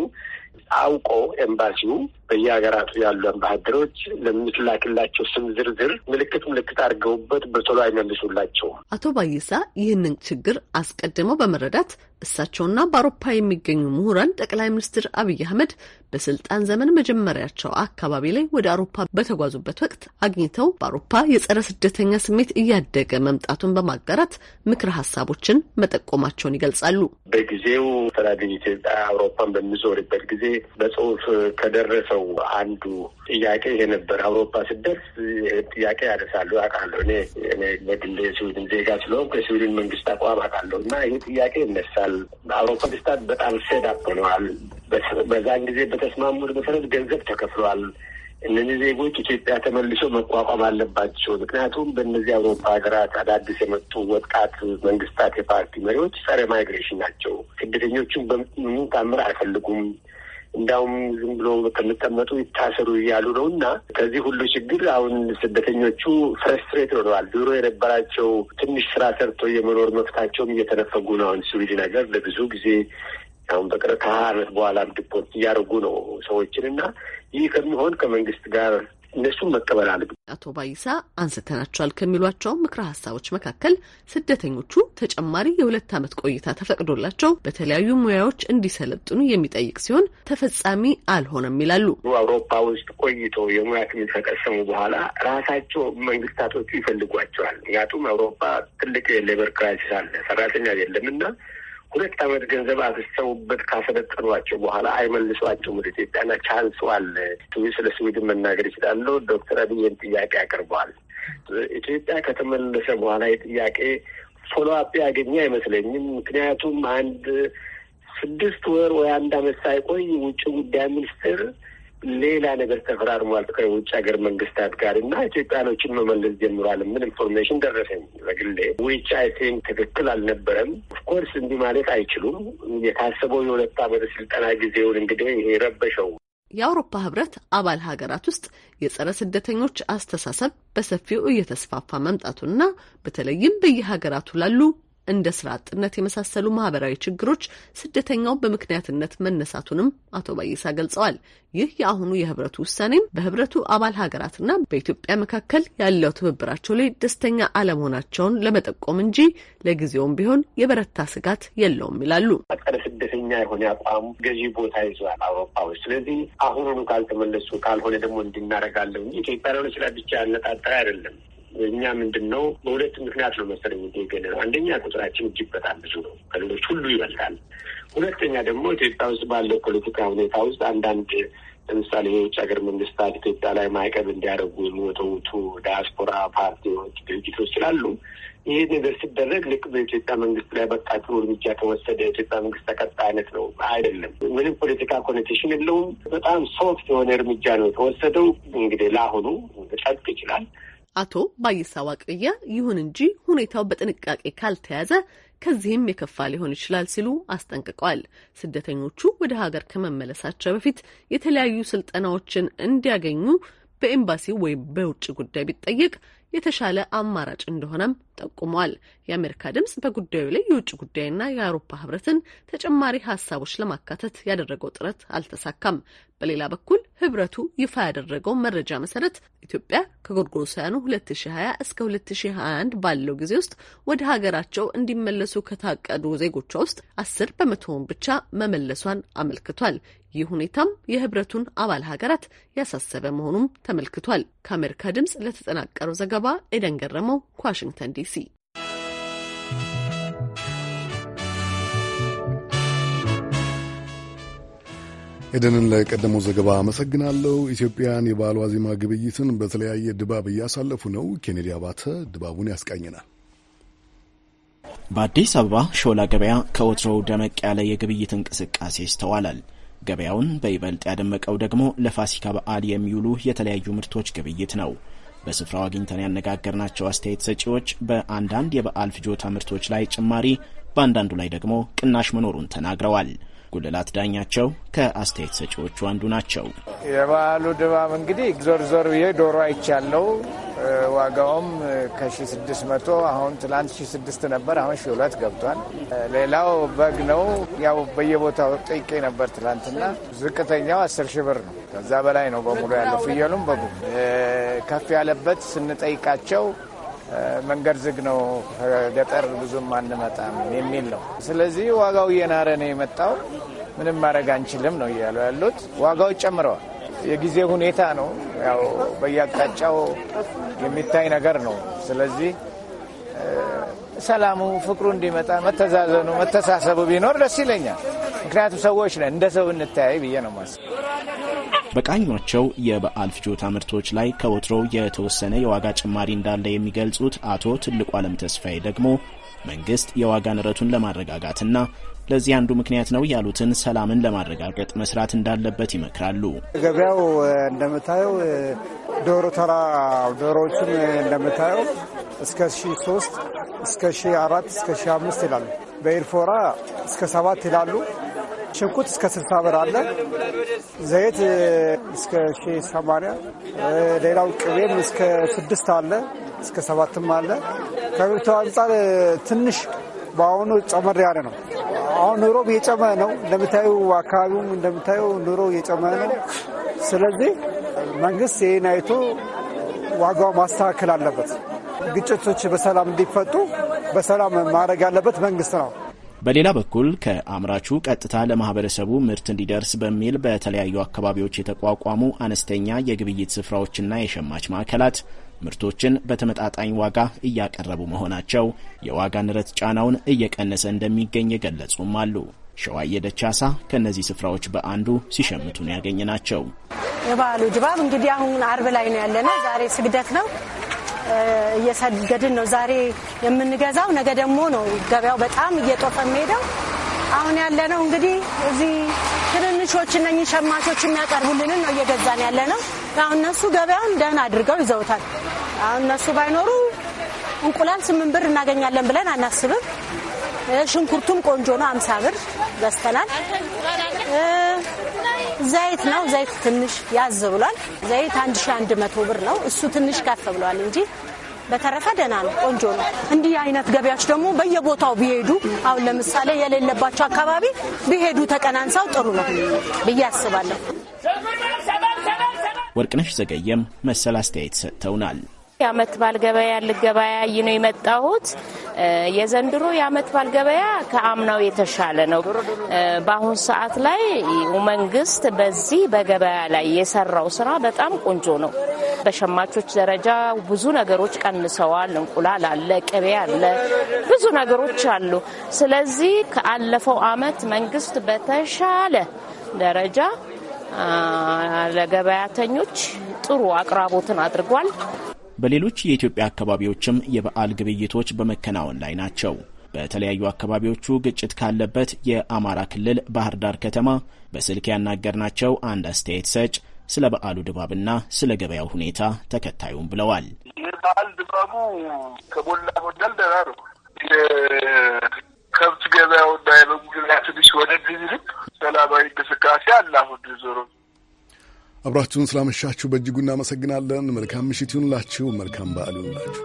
S16: አውቆ ኤምባሲው በየሀገራቱ ያሉ አምባሳደሮች ለምትላክላቸው ስም ዝርዝር ምልክት ምልክት አድርገውበት በቶሎ አይመልሱላቸውም።
S9: አቶ ባይሳ ይህንን ችግር አስቀድመው በመረዳት እሳቸውና በአውሮፓ የሚገኙ ምሁራን ጠቅላይ ሚኒስትር አብይ አህመድ በስልጣን ዘመን መጀመሪያቸው አካባቢ ላይ ወደ አውሮፓ በተጓዙበት ወቅት አግኝተው በአውሮፓ የጸረ ስደተኛ ስሜት እያደገ መምጣቱን በማጋራት ምክር ሀሳቦችን መጠቆማቸውን ይገልጻሉ።
S16: በጊዜው ተላገኝ ኢትዮጵያ አውሮፓን በሚዞርበት ጊዜ በጽሁፍ ከደረሰው ነው አንዱ ጥያቄ የነበረ አውሮፓ ስደርስ ጥያቄ ያደርሳሉ አውቃለሁ። እኔ በግሌ ዜጋ ስለሆንኩ የስዊድን መንግስት አቋም አውቃለሁ እና ይህ ጥያቄ ይነሳል። አውሮፓ መንግስታት በጣም ሴድ በዛን ጊዜ በተስማሙት መሰረት ገንዘብ ተከፍሏል። እነዚህ ዜጎች ኢትዮጵያ ተመልሶ መቋቋም አለባቸው። ምክንያቱም በእነዚህ አውሮፓ ሀገራት አዳዲስ የመጡ ወጣት መንግስታት የፓርቲ መሪዎች ጸረ ማይግሬሽን ናቸው። ስደተኞቹን በምን ታምር አይፈልጉም። እንዳውም ዝም ብሎ ከሚቀመጡ ይታሰሩ እያሉ ነው እና ከዚህ ሁሉ ችግር አሁን ስደተኞቹ ፍረስትሬት ሆነዋል። ድሮ የነበራቸው ትንሽ ስራ ሰርቶ የመኖር መፍታቸውም እየተነፈጉ ነው። አሁን ስዊድ ነገር ለብዙ ጊዜ አሁን በቅርብ ከሀያ አመት በኋላ ዲፖርት እያደረጉ ነው ሰዎችን እና ይህ ከሚሆን ከመንግስት ጋር እነሱም መቀበል አለ።
S9: አቶ ባይሳ አንስተናቸዋል ከሚሏቸው ምክረ ሀሳቦች መካከል ስደተኞቹ ተጨማሪ የሁለት ዓመት ቆይታ ተፈቅዶላቸው በተለያዩ ሙያዎች እንዲሰለጥኑ የሚጠይቅ ሲሆን ተፈጻሚ አልሆነም ይላሉ።
S16: አውሮፓ ውስጥ ቆይቶ የሙያ ትምህርት ከቀሰሙ በኋላ ራሳቸው መንግስታቶቹ ይፈልጓቸዋል። ምክንያቱም አውሮፓ ትልቅ ሌበር ክራይሲስ አለ፣ ሰራተኛ የለምና ሁለት ዓመት ገንዘብ አብስተውበት ካሰለጠሏቸው በኋላ አይመልሷቸውም ወደ ኢትዮጵያና ቻንስ አለ ስለ ስዊድን መናገር ይችላለሁ። ዶክተር አብይን ጥያቄ አቅርበዋል። ኢትዮጵያ ከተመለሰ በኋላ የጥያቄ ፎሎ አፕ ያገኘ አይመስለኝም። ምክንያቱም አንድ ስድስት ወር ወይ አንድ ዓመት ሳይቆይ ውጭ ጉዳይ ሚኒስትር ሌላ ነገር ተፈራርሟል ከውጭ ሀገር መንግስታት ጋር እና ኢትዮጵያኖችን መመለስ ጀምሯል የምል ኢንፎርሜሽን ደረሰኝ በግሌ ዊች አይ ቲንክ ትክክል አልነበረም። ኦፍኮርስ እንዲህ ማለት አይችሉም። የታሰበው የሁለት አመት ስልጠና ጊዜውን እንግዲህ ይሄ ረበሸው።
S9: የአውሮፓ ህብረት አባል ሀገራት ውስጥ የጸረ ስደተኞች አስተሳሰብ በሰፊው እየተስፋፋ መምጣቱና በተለይም በየሀገራቱ ላሉ እንደ ስራ አጥነት የመሳሰሉ ማህበራዊ ችግሮች ስደተኛው በምክንያትነት መነሳቱንም አቶ ባይሳ ገልጸዋል። ይህ የአሁኑ የህብረቱ ውሳኔም በህብረቱ አባል ሀገራትና በኢትዮጵያ መካከል ያለው ትብብራቸው ላይ ደስተኛ አለመሆናቸውን ለመጠቆም እንጂ ለጊዜውም ቢሆን የበረታ ስጋት የለውም ይላሉ።
S16: ቀደ ስደተኛ የሆነ አቋም ገዢ ቦታ አውሮፓ ውስጥ። ስለዚህ አሁኑኑ ካልተመለሱ ካልሆነ ደግሞ እንድናረጋለሁ እንጂ ኢትዮጵያ ሊሆን ብቻ ያነጣጠረ አይደለም። እኛ ምንድን ነው በሁለት ምክንያት ነው መሰለኝ የገነ ነው። አንደኛ ቁጥራችን እጅግ በጣም ብዙ ነው፣ ከሌሎች ሁሉ ይበልጣል። ሁለተኛ ደግሞ ኢትዮጵያ ውስጥ ባለው ፖለቲካ ሁኔታ ውስጥ አንዳንድ ለምሳሌ የውጭ ሀገር መንግስታት ኢትዮጵያ ላይ ማዕቀብ እንዲያደርጉ የሚወተውቱ ዳያስፖራ ፓርቲዎች፣ ድርጅቶች ስላሉ ይሄ ነገር ሲደረግ ልክ በኢትዮጵያ መንግስት ላይ በቃ ጥሩ እርምጃ ተወሰደ፣ ኢትዮጵያ መንግስት ተቀጣ አይነት ነው። አይደለም፣ ምንም ፖለቲካ ኮኔቴሽን የለውም። በጣም ሶፍት የሆነ እርምጃ ነው የተወሰደው። እንግዲህ ለአሁኑ ጸጥ ይችላል።
S9: አቶ ባይሳ ዋቅያ ይሁን እንጂ ሁኔታው በጥንቃቄ ካልተያዘ ከዚህም የከፋ ሊሆን ይችላል ሲሉ አስጠንቅቀዋል። ስደተኞቹ ወደ ሀገር ከመመለሳቸው በፊት የተለያዩ ስልጠናዎችን እንዲያገኙ በኤምባሲው ወይም በውጭ ጉዳይ ቢጠየቅ የተሻለ አማራጭ እንደሆነም ጠቁሟል። የአሜሪካ ድምጽ በጉዳዩ ላይ የውጭ ጉዳይና የአውሮፓ ህብረትን ተጨማሪ ሀሳቦች ለማካተት ያደረገው ጥረት አልተሳካም። በሌላ በኩል ህብረቱ ይፋ ያደረገው መረጃ መሰረት ኢትዮጵያ ከጎርጎሮሳውያኑ 2020 እስከ 2021 ባለው ጊዜ ውስጥ ወደ ሀገራቸው እንዲመለሱ ከታቀዱ ዜጎቿ ውስጥ አስር በመቶውን ብቻ መመለሷን አመልክቷል። ይህ ሁኔታም የህብረቱን አባል ሀገራት ያሳሰበ መሆኑም ተመልክቷል። ከአሜሪካ ድምፅ ለተጠናቀረው ዘገባ ኤደን ገረመው ከዋሽንግተን ዲሲ።
S1: ኤደንን ለቀደመው ዘገባ አመሰግናለሁ። ኢትዮጵያን የበዓል ዋዜማ ግብይትን በተለያየ ድባብ እያሳለፉ ነው። ኬኔዲ አባተ ድባቡን ያስቃኘናል።
S12: በአዲስ አበባ ሾላ ገበያ ከወትሮው ደመቅ ያለ የግብይት እንቅስቃሴ ይስተዋላል። ገበያውን በይበልጥ ያደመቀው ደግሞ ለፋሲካ በዓል የሚውሉ የተለያዩ ምርቶች ግብይት ነው። በስፍራው አግኝተን ያነጋገርናቸው አስተያየት ሰጪዎች በአንዳንድ የበዓል ፍጆታ ምርቶች ላይ ጭማሪ፣ በአንዳንዱ ላይ ደግሞ ቅናሽ መኖሩን ተናግረዋል። ጉልላት ዳኛቸው ከአስተያየት ሰጪዎቹ አንዱ ናቸው።
S16: የበዓሉ ድባብ እንግዲህ ዞር ዞር ብዬ ዶሮ አይቻለው። ዋጋውም ከ ስድስት መቶ አሁን ትላንት ሺህ ስድስት ነበር፣ አሁን ሺ ሁለት ገብቷል። ሌላው በግ ነው። ያው በየቦታው ጠይቄ ነበር ትላንትና። ዝቅተኛው 10 ሺ ብር ነው። ከዛ በላይ ነው በሙሉ ያለው ፍየሉም በጉ ከፍ ያለበት ስንጠይቃቸው መንገድ ዝግ ነው፣ ገጠር ብዙም አንመጣም የሚል ነው። ስለዚህ ዋጋው እየናረ ነው የመጣው፣ ምንም ማድረግ አንችልም ነው እያሉ ያሉት። ዋጋው ጨምረዋል። የጊዜ ሁኔታ ነው፣ ያው በየአቅጣጫው የሚታይ ነገር ነው። ስለዚህ ሰላሙ፣ ፍቅሩ እንዲመጣ መተዛዘኑ፣ መተሳሰቡ ቢኖር ደስ ይለኛል። ምክንያቱም ሰዎች ነን፣ እንደ ሰው እንተያይ ብዬ ነው ማስብ
S12: በቃኟቸው የበዓል ፍጆታ ምርቶች ላይ ከወትሮው የተወሰነ የዋጋ ጭማሪ እንዳለ የሚገልጹት አቶ ትልቁ አለም ተስፋዬ ደግሞ መንግስት የዋጋ ንረቱን ለማረጋጋትና ለዚህ አንዱ ምክንያት ነው ያሉትን ሰላምን ለማረጋገጥ መስራት እንዳለበት ይመክራሉ።
S15: ገበያው
S5: እንደምታየው ዶሮ ተራ ዶሮዎቹን እንደምታየው እስከ ሺ ሶስት እስከ ሺ አራት እስከ ሺ አምስት ይላሉ። በኤልፎራ እስከ ሰባት ይላሉ። ሽንኩርት እስከ ስልሳ ብር አለ። ዘይት እስከ ሺ ሰማንያ ሌላው ቅቤም እስከ ስድስት አለ እስከ ሰባትም አለ። ከብቶ አንጻር ትንሽ በአሁኑ ጨመር ያለ ነው። አሁን ኑሮ እየጨመረ ነው እንደምታዩ፣ አካባቢውም እንደምታዩ ኑሮ እየጨመ ነው። ስለዚህ መንግስት ይህን አይቶ ዋጋው ማስተካከል አለበት። ግጭቶች በሰላም
S2: እንዲፈጡ በሰላም ማድረግ ያለበት መንግስት ነው።
S12: በሌላ በኩል ከአምራቹ ቀጥታ ለማህበረሰቡ ምርት እንዲደርስ በሚል በተለያዩ አካባቢዎች የተቋቋሙ አነስተኛ የግብይት ስፍራዎችና የሸማች ማዕከላት ምርቶችን በተመጣጣኝ ዋጋ እያቀረቡ መሆናቸው የዋጋ ንረት ጫናውን እየቀነሰ እንደሚገኝ የገለጹም አሉ። ሸዋዬ ደቻሳ ከእነዚህ ስፍራዎች በአንዱ ሲሸምቱን ነው ናቸው።
S10: የበዓሉ ድባብ እንግዲህ አሁን አርብ ላይ ነው ያለነው። ዛሬ ስግደት ነው። እየሰገድን ነው። ዛሬ የምንገዛው ነገ ደግሞ ነው ገበያው በጣም እየጦፈ የሚሄደው። አሁን ያለ ነው እንግዲህ እዚህ ትንንሾች እነኝህ ሸማቾች የሚያቀርቡልንን ነው እየገዛን ያለ ነው። አሁን እነሱ ገበያውን ደህና አድርገው ይዘውታል። አሁን እነሱ ባይኖሩ እንቁላል ስምንት ብር እናገኛለን ብለን አናስብም። ሽንኩርቱም ቆንጆ ነው፣ አምሳ ብር ገዝተናል። ዘይት ነው። ዘይት ትንሽ ያዝ ብሏል። ዘይት አንድ ሺ አንድ መቶ ብር ነው። እሱ ትንሽ ከፍ ብሏል እንጂ በተረፈ ደህና ነው፣ ቆንጆ ነው። እንዲህ አይነት ገበያዎች ደግሞ በየቦታው ቢሄዱ አሁን ለምሳሌ የሌለባቸው አካባቢ ቢሄዱ ተቀናንሳው ጥሩ ነው ብዬ አስባለሁ።
S12: ወርቅነሽ ዘገየም መሰል አስተያየት ሰጥተውናል።
S10: የአመት ባል ገበያ ልገበያይ ነው የመጣሁት። የዘንድሮ የአመት ባል ገበያ ከአምናው የተሻለ ነው። በአሁን ሰዓት ላይ መንግስት በዚህ በገበያ ላይ የሰራው ስራ በጣም ቆንጆ ነው። በሸማቾች ደረጃ ብዙ ነገሮች ቀንሰዋል። እንቁላል አለ፣ ቅቤ አለ፣ ብዙ ነገሮች አሉ። ስለዚህ ከአለፈው አመት መንግስት በተሻለ ደረጃ ለገበያተኞች ጥሩ አቅራቦትን አድርጓል።
S12: በሌሎች የኢትዮጵያ አካባቢዎችም የበዓል ግብይቶች በመከናወን ላይ ናቸው። በተለያዩ አካባቢዎቹ ግጭት ካለበት የአማራ ክልል ባህር ዳር ከተማ በስልክ ያናገርናቸው አንድ አስተያየት ሰጭ ስለ በዓሉ ድባብና ስለ ገበያው ሁኔታ ተከታዩም ብለዋል።
S4: የበዓል ድባቡ ከሞላ ጎደል ደህና ነው። የከብት ገበያውና የበጉ ገበያ
S1: ትንሽ ወደ ሰላማዊ እንቅስቃሴ አለ። አሁን ዞሮ አብራችሁን ስላመሻችሁ በእጅጉ እናመሰግናለን። መልካም ምሽት ይሁንላችሁ። መልካም በዓል ይሁንላችሁ።